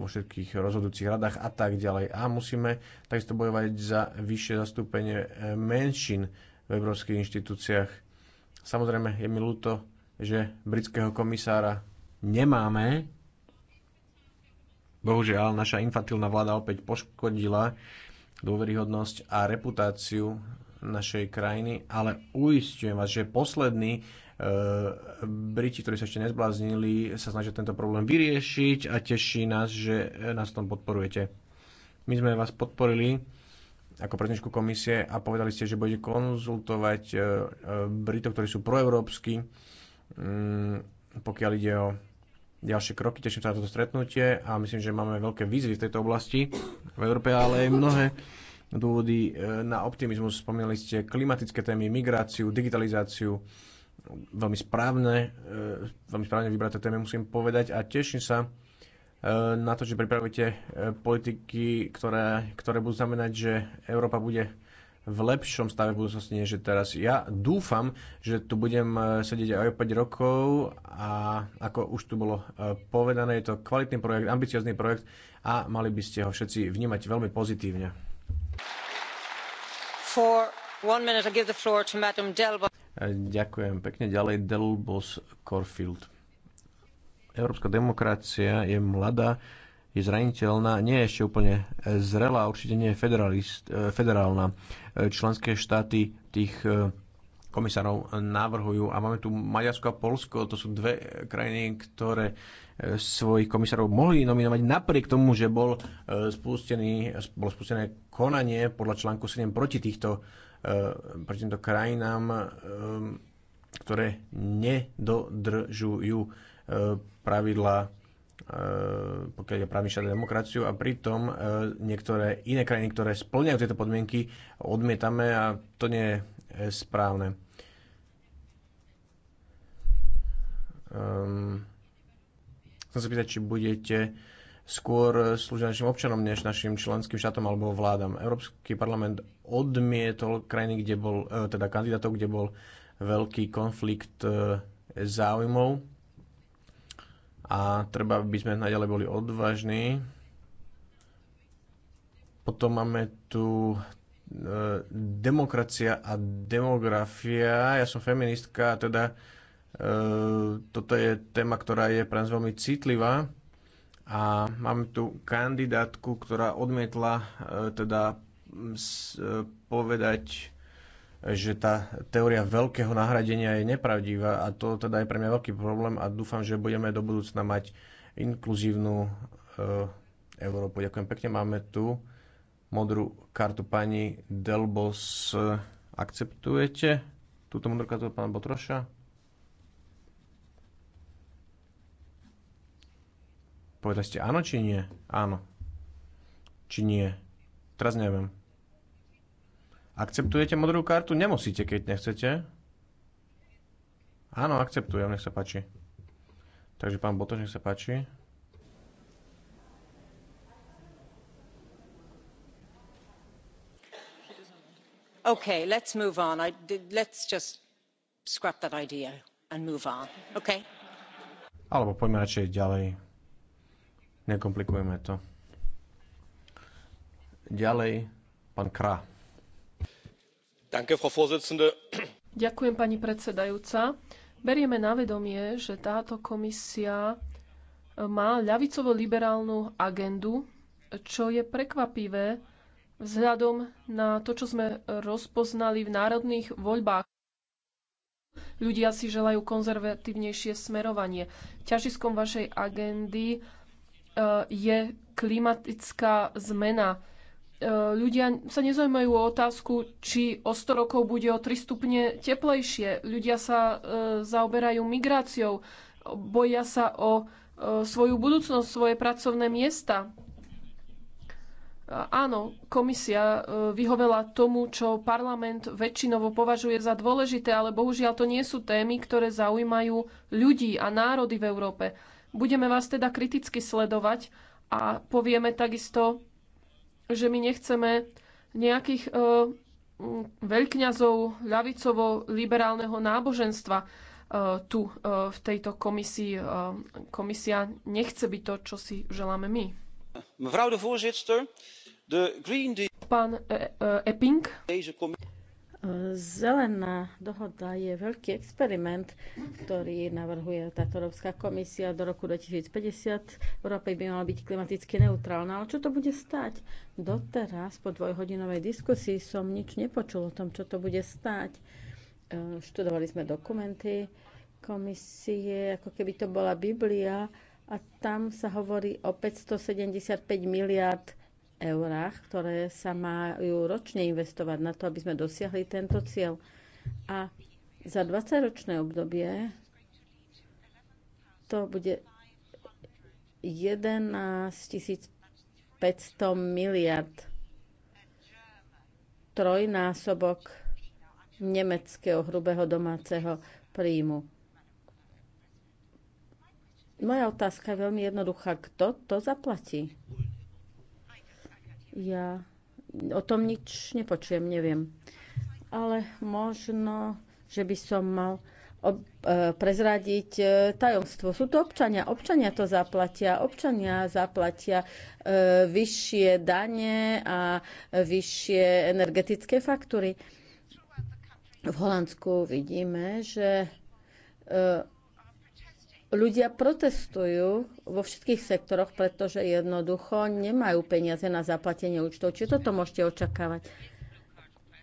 vo všetkých rozhodujúcich radách a tak ďalej. A musíme takisto bojovať za vyššie zastúpenie e, menšín v európskych inštitúciách. Samozrejme, je mi ľúto, že britského komisára nemáme. Bohužiaľ, naša infantilná vláda opäť poškodila dôveryhodnosť a reputáciu našej krajiny, ale uistujem vás, že poslední e, Briti, ktorí sa ešte nezbláznili, sa snažia tento problém vyriešiť a teší nás, že nás v tom podporujete. My sme vás podporili ako predsedničku komisie a povedali ste, že budete konzultovať e, e, Britov, ktorí sú proeurópsky, mm, pokiaľ ide o ďalšie kroky. Teším sa na toto stretnutie a myslím, že máme veľké výzvy v tejto oblasti v Európe, ale aj mnohé dôvody e, na optimizmus. Spomínali ste klimatické témy, migráciu, digitalizáciu. Veľmi správne, e, veľmi správne vybraté témy musím povedať a teším sa e, na to, že pripravíte politiky, ktoré, ktoré budú znamenať, že Európa bude v lepšom stave v budúcnosti než teraz. Ja dúfam, že tu budem eh, sedieť aj o 5 rokov a ako už tu bolo eh, povedané, je to kvalitný projekt, ambiciozný projekt a mali by ste ho všetci vnímať veľmi pozitívne. For one minute, I give the floor to Madam Delbo. Eh, ďakujem pekne. Ďalej Delbos Corfield. Európska demokracia je mladá, je zraniteľná, nie je ešte úplne e, zrelá, určite nie je e, federálna. E, členské štáty tých komisárov navrhujú. A máme tu Maďarsko a Polsko, to sú dve krajiny, ktoré svojich komisárov mohli nominovať napriek tomu, že bol spustený, bolo spustené konanie podľa článku 7 proti týchto, proti týmto krajinám, ktoré nedodržujú pravidla Eh, pokiaľ je právny štát a demokraciu a pritom eh, niektoré iné krajiny, ktoré splňajú tieto podmienky, odmietame a to nie je eh, správne. Um, chcem sa pýtať, či budete skôr slúžiť našim občanom než našim členským štátom alebo vládam. Európsky parlament odmietol krajiny, kde bol, teda kandidátov, kde bol veľký konflikt záujmov a treba, aby sme naďalej boli odvážni. Potom máme tu e, demokracia a demografia. Ja som feministka a teda e, toto je téma, ktorá je pre nás veľmi citlivá a máme tu kandidátku, ktorá odmietla e, teda povedať že tá teória veľkého nahradenia je nepravdivá a to teda je pre mňa veľký problém a dúfam, že budeme do budúcna mať inkluzívnu e, Európu. Ďakujem pekne. Máme tu modrú kartu pani Delbos. Eh, akceptujete túto modrú kartu pána Botroša? Povedali ste áno či nie? Áno. Či nie? Teraz neviem. Akceptujete modrú kartu? Nemusíte, keď nechcete. Áno, akceptujem, nech sa páči. Takže pán Botoš, nech sa páči. OK, let's move on I, let's just scrap that idea and move on OK? alebo poďme radšej ďalej Nekomplikujeme to ďalej pán kra Ďakujem, pani predsedajúca. Berieme na vedomie, že táto komisia má ľavicovo-liberálnu agendu, čo je prekvapivé vzhľadom na to, čo sme rozpoznali v národných voľbách. Ľudia si želajú konzervatívnejšie smerovanie. Ťažiskom vašej agendy eh, je klimatická zmena E, ľudia sa nezaujímajú o otázku, či o 100 rokov bude o 3 stupne teplejšie. Ľudia sa e, zaoberajú migráciou, boja sa o e, svoju budúcnosť, svoje pracovné miesta. Áno, komisia vyhovela tomu, čo parlament väčšinovo považuje za dôležité, ale bohužiaľ to nie sú témy, ktoré zaujímajú ľudí a národy v Európe. Budeme vás teda kriticky sledovať a povieme takisto že my nechceme nejakých e, veľkňazov ľavicovo-liberálneho náboženstva e, tu e, v tejto komisii. Komisia nechce byť to, čo si želáme my. Pán Epping, Zelená dohoda je veľký experiment, ktorý navrhuje táto Európska komisia do roku 2050. Európa by mala byť klimaticky neutrálna, ale čo to bude stať? Doteraz po dvojhodinovej diskusii som nič nepočul o tom, čo to bude stať. E, študovali sme dokumenty komisie, ako keby to bola Biblia a tam sa hovorí o 575 miliard eurách, ktoré sa majú ročne investovať na to, aby sme dosiahli tento cieľ. A za 20-ročné obdobie to bude 11 500 miliard trojnásobok nemeckého hrubého domáceho príjmu. Moja otázka je veľmi jednoduchá. Kto to zaplatí? Ja o tom nič nepočujem, neviem. Ale možno, že by som mal ob, e, prezradiť e, tajomstvo. Sú to občania, občania to zaplatia, občania zaplatia e, vyššie dane a vyššie energetické faktúry. V Holandsku vidíme, že e, Ľudia protestujú vo všetkých sektoroch, pretože jednoducho nemajú peniaze na zaplatenie účtov. Či toto môžete očakávať?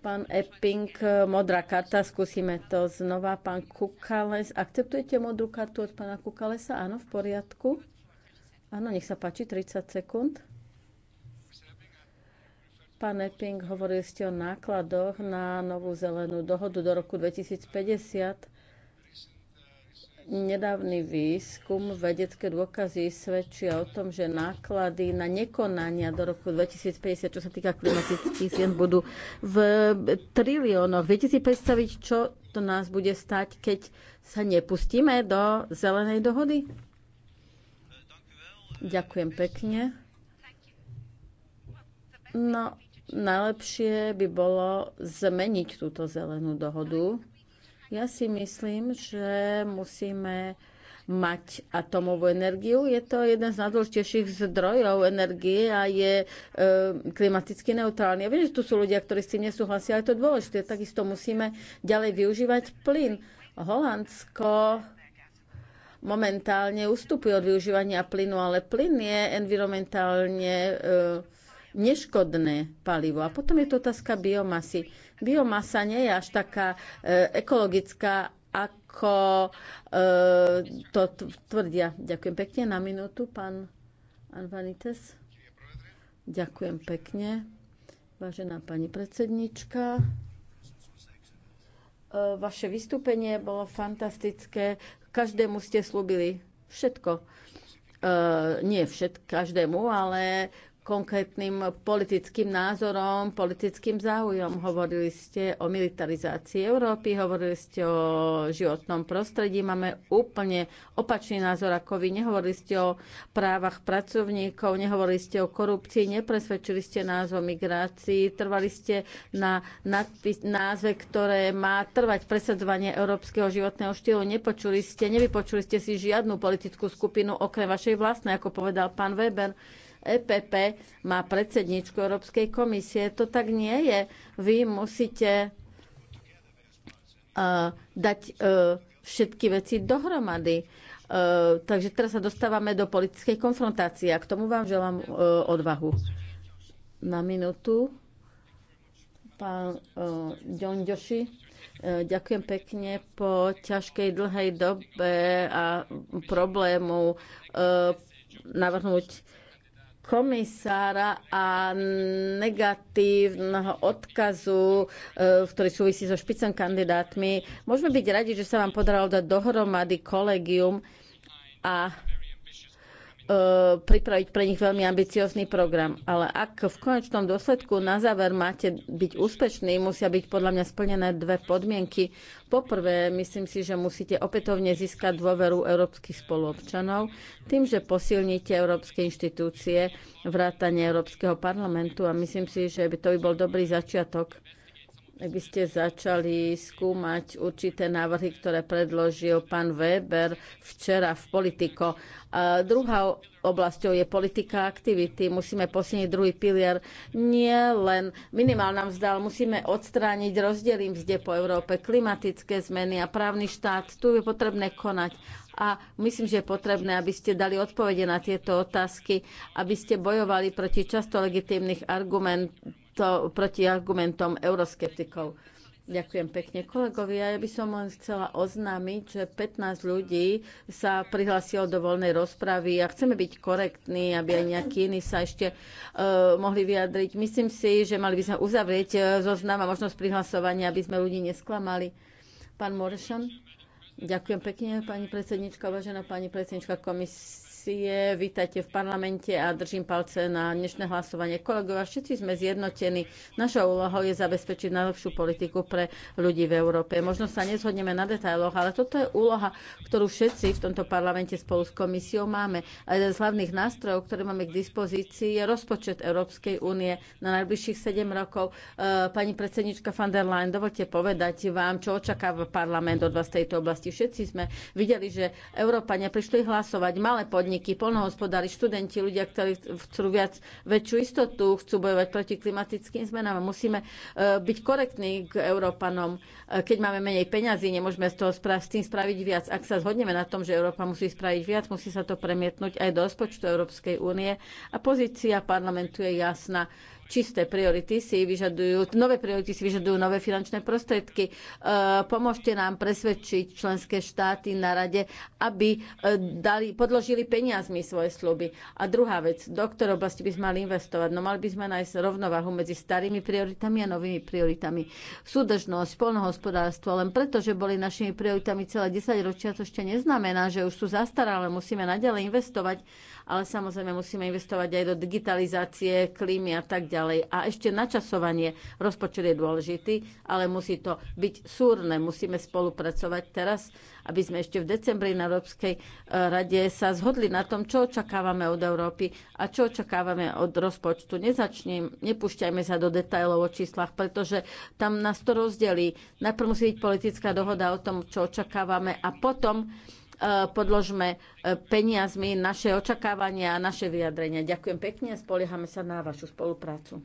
Pán Epping, modrá karta, skúsime to znova. Pán Kukales, akceptujete modrú kartu od pána Kukalesa? Áno, v poriadku. Áno, nech sa páči, 30 sekúnd. Pán Epping, hovorili ste o nákladoch na novú zelenú dohodu do roku 2050 Nedávny výskum vedecké dôkazy svedčia o tom, že náklady na nekonania do roku 2050, čo sa týka klimatických zmien, budú v triliónoch. Viete si predstaviť, čo to nás bude stať, keď sa nepustíme do zelenej dohody? Ďakujem pekne. No, najlepšie by bolo zmeniť túto zelenú dohodu ja si myslím, že musíme mať atomovú energiu. Je to jeden z najdôležitejších zdrojov energie a je e, klimaticky neutrálny. Ja viem, že tu sú ľudia, ktorí s tým nesúhlasia, ale je to dôležité. Takisto musíme ďalej využívať plyn. Holandsko momentálne ustupuje od využívania plynu, ale plyn je environmentálne e, neškodné palivo. A potom je to otázka biomasy. Biomasa nie je až taká e, ekologická, ako e, to tvrdia. Ďakujem pekne. Na minútu, pán Anvanites. Ďakujem pekne. Vážená pani predsednička, e, vaše vystúpenie bolo fantastické. Každému ste slúbili všetko. Uh, nie všetko, každému, ale konkrétnym politickým názorom, politickým záujom. Hovorili ste o militarizácii Európy, hovorili ste o životnom prostredí. Máme úplne opačný názor ako vy. Nehovorili ste o právach pracovníkov, nehovorili ste o korupcii, nepresvedčili ste nás o migrácii, trvali ste na nadpis, názve, ktoré má trvať presadzovanie európskeho životného štýlu. Nepočuli ste, nevypočuli ste si žiadnu politickú skupinu okrem vašej vlastnej, ako povedal pán Weber. EPP má predsedničku Európskej komisie. To tak nie je. Vy musíte uh, dať uh, všetky veci dohromady. Uh, takže teraz sa dostávame do politickej konfrontácie a k tomu vám želám uh, odvahu. Na minútu. Pán uh, John Joshi. Ďakujem pekne. Po ťažkej dlhej dobe a problému navrhnúť komisára a negatívneho odkazu, e, ktorý súvisí so špicom kandidátmi. Môžeme byť radi, že sa vám podarilo dať dohromady kolegium a E, pripraviť pre nich veľmi ambiciózny program. Ale ak v konečnom dôsledku na záver máte byť úspešní, musia byť podľa mňa splnené dve podmienky. Poprvé, myslím si, že musíte opätovne získať dôveru európskych spoluobčanov tým, že posilníte európske inštitúcie, vrátanie Európskeho parlamentu a myslím si, že by to by bol dobrý začiatok ak by ste začali skúmať určité návrhy, ktoré predložil pán Weber včera v Politico. A druhá oblasťou je politika aktivity. Musíme posilniť druhý pilier. Nie len minimálna mzda, ale musíme odstrániť rozdiely mzde po Európe, klimatické zmeny a právny štát. Tu je potrebné konať a myslím, že je potrebné, aby ste dali odpovede na tieto otázky, aby ste bojovali proti často legitímnych argumentov to proti argumentom euroskeptikov. Ďakujem pekne kolegovia. Ja by som len chcela oznámiť, že 15 ľudí sa prihlásilo do voľnej rozpravy a chceme byť korektní, aby aj nejakí iní sa ešte uh, mohli vyjadriť. Myslím si, že mali by sme uzavrieť uh, zoznam a možnosť prihlasovania, aby sme ľudí nesklamali. Pán Moršan. Ďakujem pekne, pani predsednička, vážená pani predsednička komisie komisie, vítajte v parlamente a držím palce na dnešné hlasovanie. Kolegovia, všetci sme zjednotení. Našou úlohou je zabezpečiť najlepšiu politiku pre ľudí v Európe. Možno sa nezhodneme na detailoch, ale toto je úloha, ktorú všetci v tomto parlamente spolu s komisiou máme. A jeden z hlavných nástrojov, ktoré máme k dispozícii, je rozpočet Európskej únie na najbližších 7 rokov. E, pani predsednička van der Leyen, dovolte povedať vám, čo očakáva parlament od vás tejto oblasti. Všetci sme videli, že Európania prišli hlasovať, malé podnik podniky, polnohospodári, študenti, ľudia, ktorí chcú viac, väčšiu istotu, chcú bojovať proti klimatickým zmenám. Musíme e, byť korektní k Európanom. E, keď máme menej peňazí, nemôžeme z toho spra- s tým spraviť viac. Ak sa zhodneme na tom, že Európa musí spraviť viac, musí sa to premietnúť aj do rozpočtu Európskej únie. A pozícia parlamentu je jasná čisté priority si vyžadujú, nové priority si vyžadujú nové finančné prostriedky. E, pomôžte nám presvedčiť členské štáty na rade, aby e, dali, podložili peniazmi svoje sluby. A druhá vec, do ktorej oblasti by sme mali investovať? No mali by sme nájsť rovnovahu medzi starými prioritami a novými prioritami. Súdržnosť, polnohospodárstvo, len preto, že boli našimi prioritami celé 10 ročia, to ešte neznamená, že už sú zastaralé, musíme naďalej investovať ale samozrejme musíme investovať aj do digitalizácie, klímy a tak ďalej. A ešte načasovanie. Rozpočet je dôležitý, ale musí to byť súrne. Musíme spolupracovať teraz, aby sme ešte v decembri na Európskej e, rade sa zhodli na tom, čo očakávame od Európy a čo očakávame od rozpočtu. Nezačnem, nepúšťajme sa do detajlov o číslach, pretože tam nás to rozdelí. Najprv musí byť politická dohoda o tom, čo očakávame a potom Eh, podložme eh, peniazmi naše očakávania a naše vyjadrenia. Ďakujem pekne a spoliehame sa na vašu spoluprácu.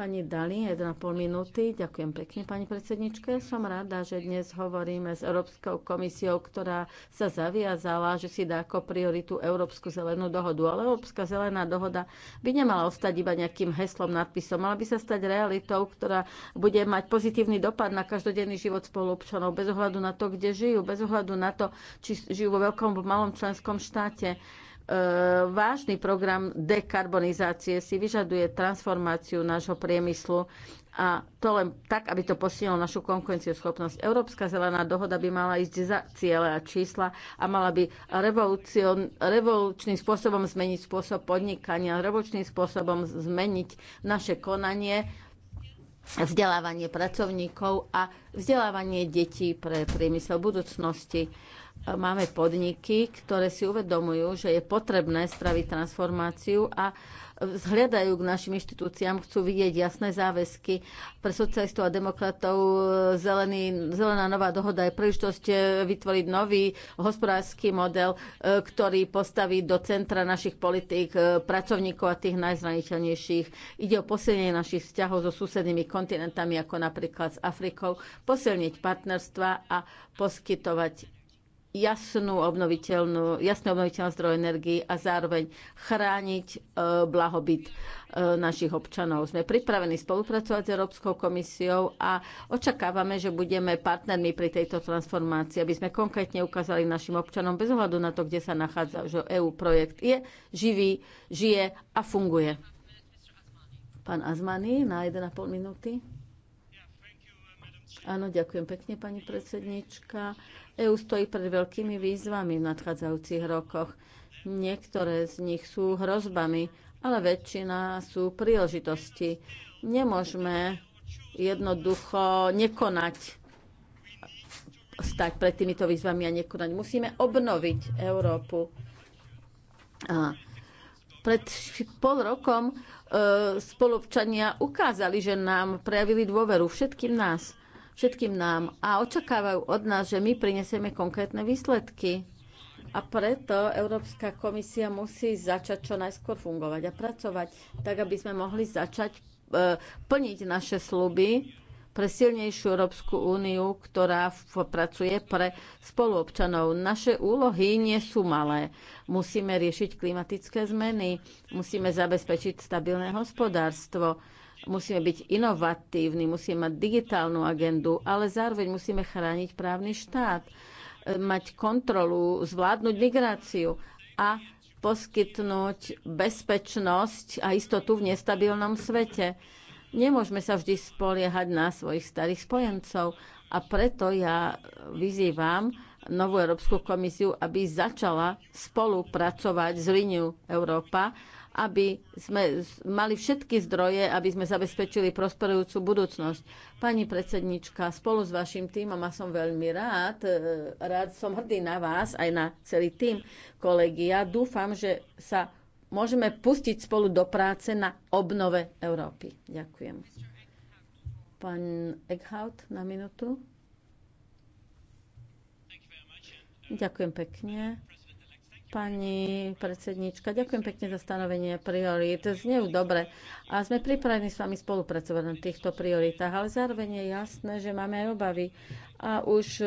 Pani Dali, 1,5 minúty. Ďakujem pekne, pani predsedničke. Som rada, že dnes hovoríme s Európskou komisiou, ktorá sa zaviazala, že si dá ako prioritu Európsku zelenú dohodu. Ale Európska zelená dohoda by nemala ostať iba nejakým heslom, nadpisom. Mala by sa stať realitou, ktorá bude mať pozitívny dopad na každodenný život spoluobčanov, bez ohľadu na to, kde žijú, bez ohľadu na to, či žijú vo veľkom alebo malom členskom štáte E, vážny program dekarbonizácie si vyžaduje transformáciu nášho priemyslu a to len tak, aby to posilnilo našu konkurencieschopnosť. Európska zelená dohoda by mala ísť za ciele a čísla a mala by revolučným spôsobom zmeniť spôsob podnikania, revolučným spôsobom zmeniť naše konanie, vzdelávanie pracovníkov a vzdelávanie detí pre priemysel budúcnosti máme podniky, ktoré si uvedomujú, že je potrebné spraviť transformáciu a zhľadajú k našim inštitúciám, chcú vidieť jasné záväzky. Pre socialistov a demokratov e, zelený, zelená nová dohoda je príležitosť e, vytvoriť nový hospodársky model, e, ktorý postaví do centra našich politík pracovníkov a tých najzraniteľnejších. Ide o posilnenie našich vzťahov so susednými kontinentami, ako napríklad s Afrikou, posilniť partnerstva a poskytovať jasnú obnoviteľnú, jasné obnoviteľné zdroje energii a zároveň chrániť e, blahobyt e, našich občanov. Sme pripravení spolupracovať s Európskou komisiou a očakávame, že budeme partnermi pri tejto transformácii, aby sme konkrétne ukázali našim občanom bez ohľadu na to, kde sa nachádza, že EU projekt je živý, žije a funguje. Pán Azmani na 1,5 minúty. Áno, ďakujem pekne, pani predsednička. EÚ stojí pred veľkými výzvami v nadchádzajúcich rokoch. Niektoré z nich sú hrozbami, ale väčšina sú príležitosti. Nemôžeme jednoducho nekonať stať pred týmito výzvami a nekonať. Musíme obnoviť Európu. A pred pol rokom e, spolupčania ukázali, že nám prejavili dôveru všetkým nás všetkým nám a očakávajú od nás, že my prinesieme konkrétne výsledky. A preto Európska komisia musí začať čo najskôr fungovať a pracovať, tak aby sme mohli začať e, plniť naše sluby pre silnejšiu Európsku úniu, ktorá pracuje pre spoluobčanov. Naše úlohy nie sú malé. Musíme riešiť klimatické zmeny, musíme zabezpečiť stabilné hospodárstvo, Musíme byť inovatívni, musíme mať digitálnu agendu, ale zároveň musíme chrániť právny štát, e, mať kontrolu, zvládnuť migráciu a poskytnúť bezpečnosť a istotu v nestabilnom svete. Nemôžeme sa vždy spoliehať na svojich starých spojencov a preto ja vyzývam novú Európsku komisiu, aby začala spolupracovať s Liniu Európa aby sme mali všetky zdroje, aby sme zabezpečili prosperujúcu budúcnosť. Pani predsednička, spolu s vašim týmom, a som veľmi rád, e, rád som hrdý na vás, aj na celý tým kolegia, dúfam, že sa môžeme pustiť spolu do práce na obnove Európy. Ďakujem. Pán Eckhout na minútu. Ďakujem pekne. Pani predsednička, ďakujem pekne za stanovenie priorít. Znejú dobre a sme pripravení s vami spolupracovať na týchto prioritách, ale zároveň je jasné, že máme aj obavy. A už e,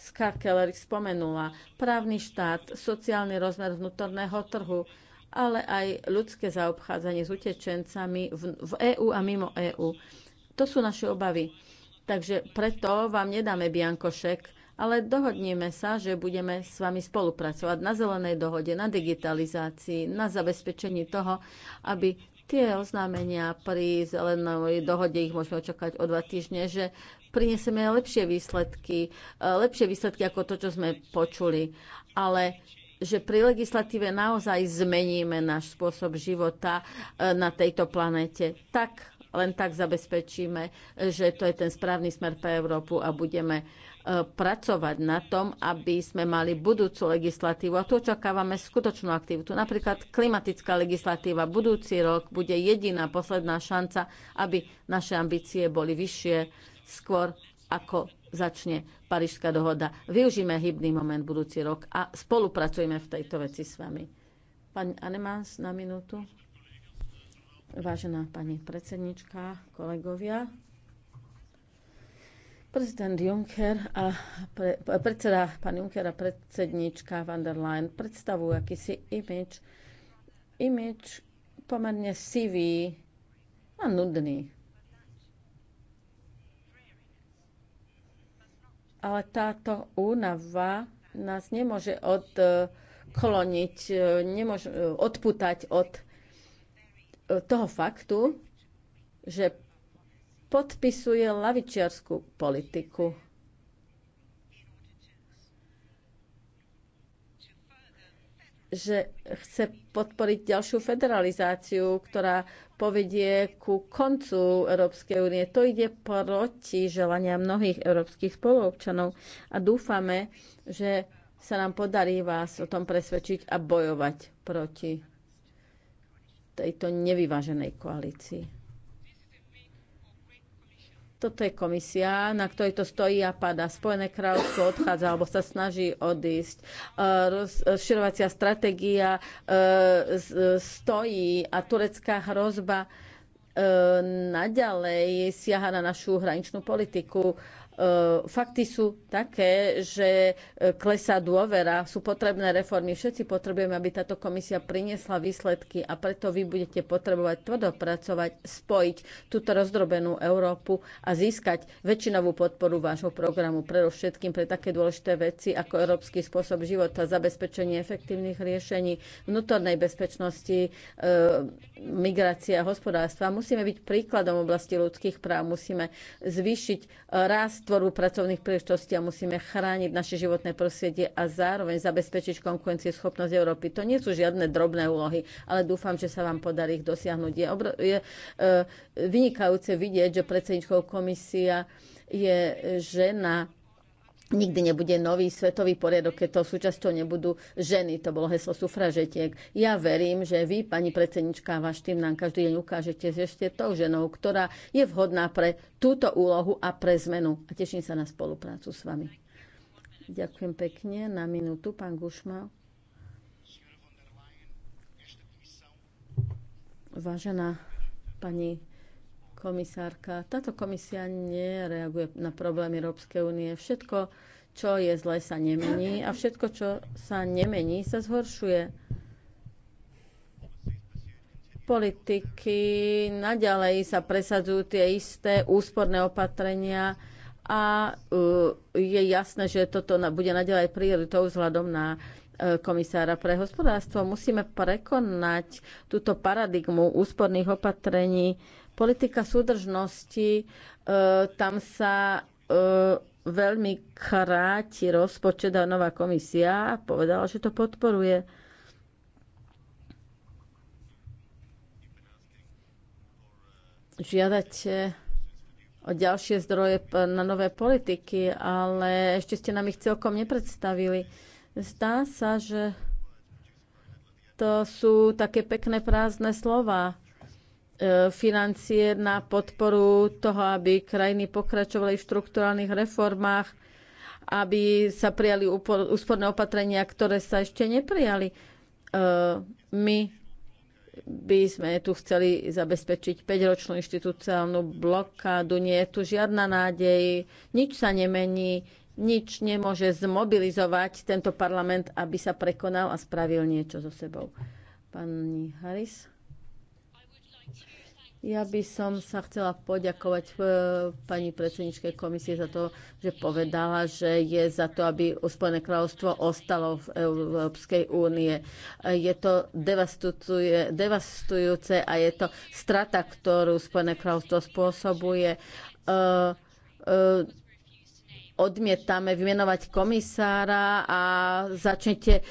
Ska Keller spomenula právny štát, sociálny rozmer vnútorného trhu, ale aj ľudské zaobchádzanie s utečencami v, v EÚ a mimo EÚ. To sú naše obavy. Takže preto vám nedáme biankošek, ale dohodneme sa, že budeme s vami spolupracovať na zelenej dohode, na digitalizácii, na zabezpečení toho, aby tie oznámenia pri zelenej dohode, ich môžeme očakať o dva týždne, že prinesieme lepšie výsledky, e, lepšie výsledky ako to, čo sme počuli. Ale že pri legislatíve naozaj zmeníme náš spôsob života e, na tejto planete. Tak, len tak zabezpečíme, že to je ten správny smer pre Európu a budeme pracovať na tom, aby sme mali budúcu legislatívu. A tu očakávame skutočnú aktivitu. Napríklad klimatická legislatíva budúci rok bude jediná posledná šanca, aby naše ambície boli vyššie skôr ako začne Parížská dohoda. Využíme hybný moment budúci rok a spolupracujeme v tejto veci s vami. Pani Anemans na minútu. Vážená pani predsednička, kolegovia, Prezident Juncker a pre, predseda, pán Juncker a predsedníčka van der Leyen predstavujú akýsi imič, imič pomerne sivý a nudný. Ale táto únava nás nemôže odkloniť, nemôže odputať od toho faktu, že podpisuje lavičiarskú politiku. že chce podporiť ďalšiu federalizáciu, ktorá povedie ku koncu Európskej únie. To ide proti želania mnohých európskych spoluobčanov a dúfame, že sa nám podarí vás o tom presvedčiť a bojovať proti tejto nevyváženej koalícii. Toto je komisia, na ktorej to stojí a pada. Spojené kráľovstvo odchádza alebo sa snaží odísť. E, Rozširovacia e, stratégia e, stojí a turecká hrozba naďalej siaha na našu hraničnú politiku. E, fakty sú také, že e, klesá dôvera, sú potrebné reformy. Všetci potrebujeme, aby táto komisia priniesla výsledky a preto vy budete potrebovať tvrdo spojiť túto rozdrobenú Európu a získať väčšinovú podporu vášho programu, predovšetkým pre také dôležité veci ako európsky spôsob života, zabezpečenie efektívnych riešení vnútornej bezpečnosti, migrácia e, migrácia, hospodárstva. Musíme byť príkladom v oblasti ľudských práv, musíme zvýšiť rast tvorbu pracovných príležitostí a musíme chrániť naše životné prostredie a zároveň zabezpečiť konkurencieschopnosť Európy. To nie sú žiadne drobné úlohy, ale dúfam, že sa vám podarí ich dosiahnuť. Je, obro- je e, vynikajúce vidieť, že predsedničkou komisia je žena Nikdy nebude nový svetový poriadok, keď to súčasťou nebudú ženy. To bolo heslo sufražetiek. Ja verím, že vy, pani predsednička, váš tým nám každý deň ukážete, že ste tou ženou, ktorá je vhodná pre túto úlohu a pre zmenu. A teším sa na spoluprácu s vami. Ďakujem pekne. Na minútu, pán Gušma. Vážená pani komisárka, táto komisia nereaguje na problémy Európskej únie. Všetko, čo je zle, sa nemení a všetko, čo sa nemení, sa zhoršuje. Politiky naďalej sa presadzujú tie isté úsporné opatrenia a e, je jasné, že toto bude naďalej prioritou vzhľadom na e, komisára pre hospodárstvo. Musíme prekonať túto paradigmu úsporných opatrení Politika súdržnosti, e, tam sa e, veľmi kráti rozpočet a nová komisia povedala, že to podporuje. Žiadate o ďalšie zdroje na nové politiky, ale ešte ste nám ich celkom nepredstavili. Zdá sa, že to sú také pekné prázdne slova E, financie na podporu toho, aby krajiny pokračovali v štruktúrálnych reformách, aby sa prijali úsporné opatrenia, ktoré sa ešte neprijali. E, my by sme tu chceli zabezpečiť 5-ročnú inštitúciálnu blokádu. Nie je tu žiadna nádej, nič sa nemení, nič nemôže zmobilizovať tento parlament, aby sa prekonal a spravil niečo so sebou. Pani Harris. Ja by som sa chcela poďakovať eh, pani predsedničkej komisie za to, že povedala, že je za to, aby Spojené kráľovstvo ostalo v Európskej únie. Je to devastujúce a je to strata, ktorú Spojené kráľovstvo spôsobuje. Eh, eh, odmietame vymenovať komisára a začnete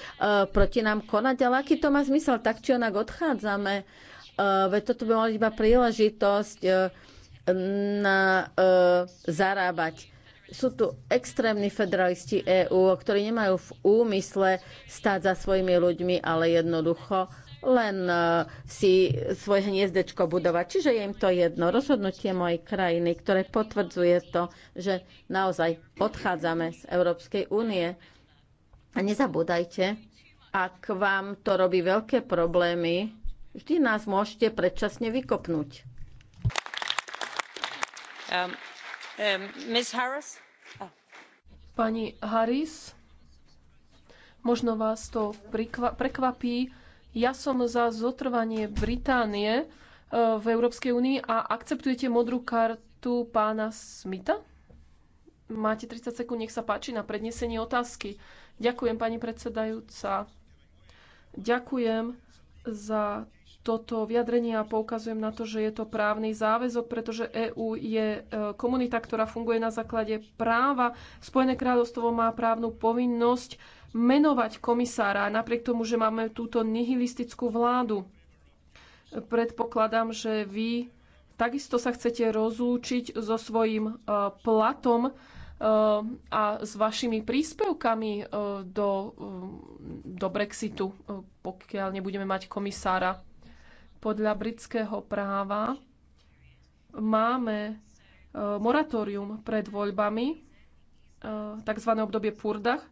proti nám konať. Ale aký to má zmysel? Tak či onak odchádzame Eh, veď toto by mala iba príležitosť eh, na eh, zarábať. Sú tu extrémni federalisti EÚ, ktorí nemajú v úmysle stáť za svojimi ľuďmi, ale jednoducho len si svoje hniezdečko budovať. Čiže je im to jedno. Rozhodnutie mojej krajiny, ktoré potvrdzuje to, že naozaj odchádzame z Európskej únie. A nezabúdajte, ak vám to robí veľké problémy, vždy nás môžete predčasne vykopnúť. Um, um, Harris? Oh. Pani Harris, možno vás to prekvapí, ja som za zotrvanie Británie uh, v Európskej únii a akceptujete modrú kartu pána Smita? Máte 30 sekúnd, nech sa páči na prednesenie otázky. Ďakujem, pani predsedajúca. Ďakujem za toto vyjadrenie a poukazujem na to, že je to právny záväzok, pretože EÚ je e, komunita, ktorá funguje na základe práva. Spojené kráľovstvo má právnu povinnosť menovať komisára, napriek tomu, že máme túto nihilistickú vládu. Predpokladám, že vy takisto sa chcete rozlúčiť so svojím e, platom e, a s vašimi príspevkami do, do Brexitu, pokiaľ nebudeme mať komisára podľa britského práva máme e, moratórium pred voľbami, e, tzv. obdobie Purdach,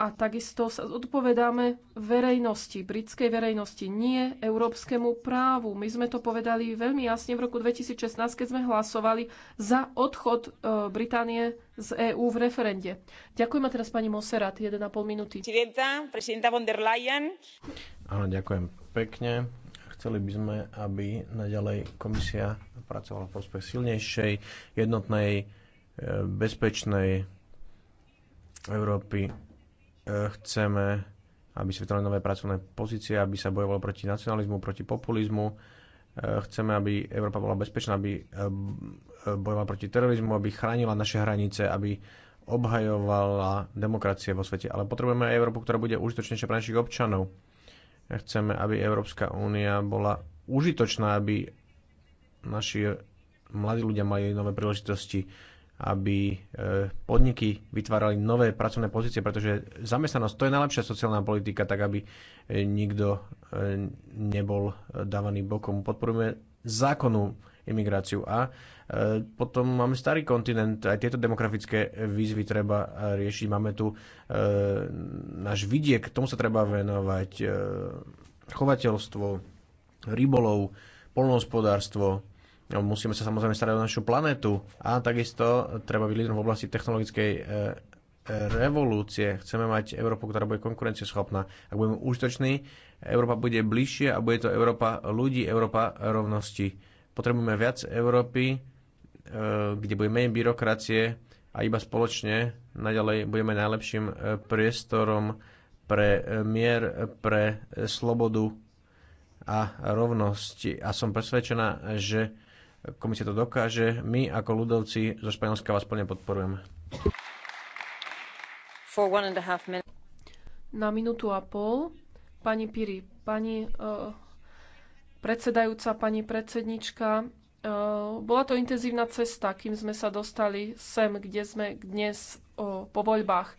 a takisto sa odpovedáme verejnosti, britskej verejnosti, nie európskemu právu. My sme to povedali veľmi jasne v roku 2016, keď sme hlasovali za odchod e, Británie z EÚ v referende. Ďakujem a teraz pani Moserat, 1,5 minúty. Áno, ďakujem pekne. Chceli by sme, aby naďalej komisia pracovala v prospech silnejšej, jednotnej, e, bezpečnej Európy. E, chceme, aby sa vytvorili nové pracovné pozície, aby sa bojovalo proti nacionalizmu, proti populizmu. E, chceme, aby Európa bola bezpečná, aby bojovala proti terorizmu, aby chránila naše hranice, aby obhajovala demokracie vo svete. Ale potrebujeme aj Európu, ktorá bude užitočnejšia pre našich občanov Chceme, aby Európska únia bola užitočná, aby naši mladí ľudia mali nové príležitosti, aby e, podniky vytvárali nové pracovné pozície, pretože zamestnanosť to je najlepšia sociálna politika, tak aby e, nikto e, nebol dávaný bokom. Podporujeme zákonu imigráciu. A e, potom máme starý kontinent, aj tieto demografické výzvy treba e, riešiť. Máme tu e, náš vidiek, tomu sa treba venovať, chovateľstvo, rybolov, polnohospodárstvo, no, musíme sa samozrejme starať o našu planetu a takisto treba byť lídrom v oblasti technologickej revolúcie. Chceme mať Európu, ktorá bude konkurencieschopná. Ak budeme užitoční, Európa bude bližšie a bude to Európa ľudí, Európa rovnosti. Potrebujeme viac Európy, e, kde bude menej byrokracie a iba spoločne naďalej budeme najlepším e, priestorom pre e, mier, pre slobodu a rovnosť. A som presvedčená, že komisia to dokáže. My ako ľudovci zo Španielska vás plne podporujeme. Na minútu a pol. Pani Piri, pani uh, predsedajúca, pani predsednička. E, bola to intenzívna cesta, kým sme sa dostali sem, kde sme dnes po voľbách.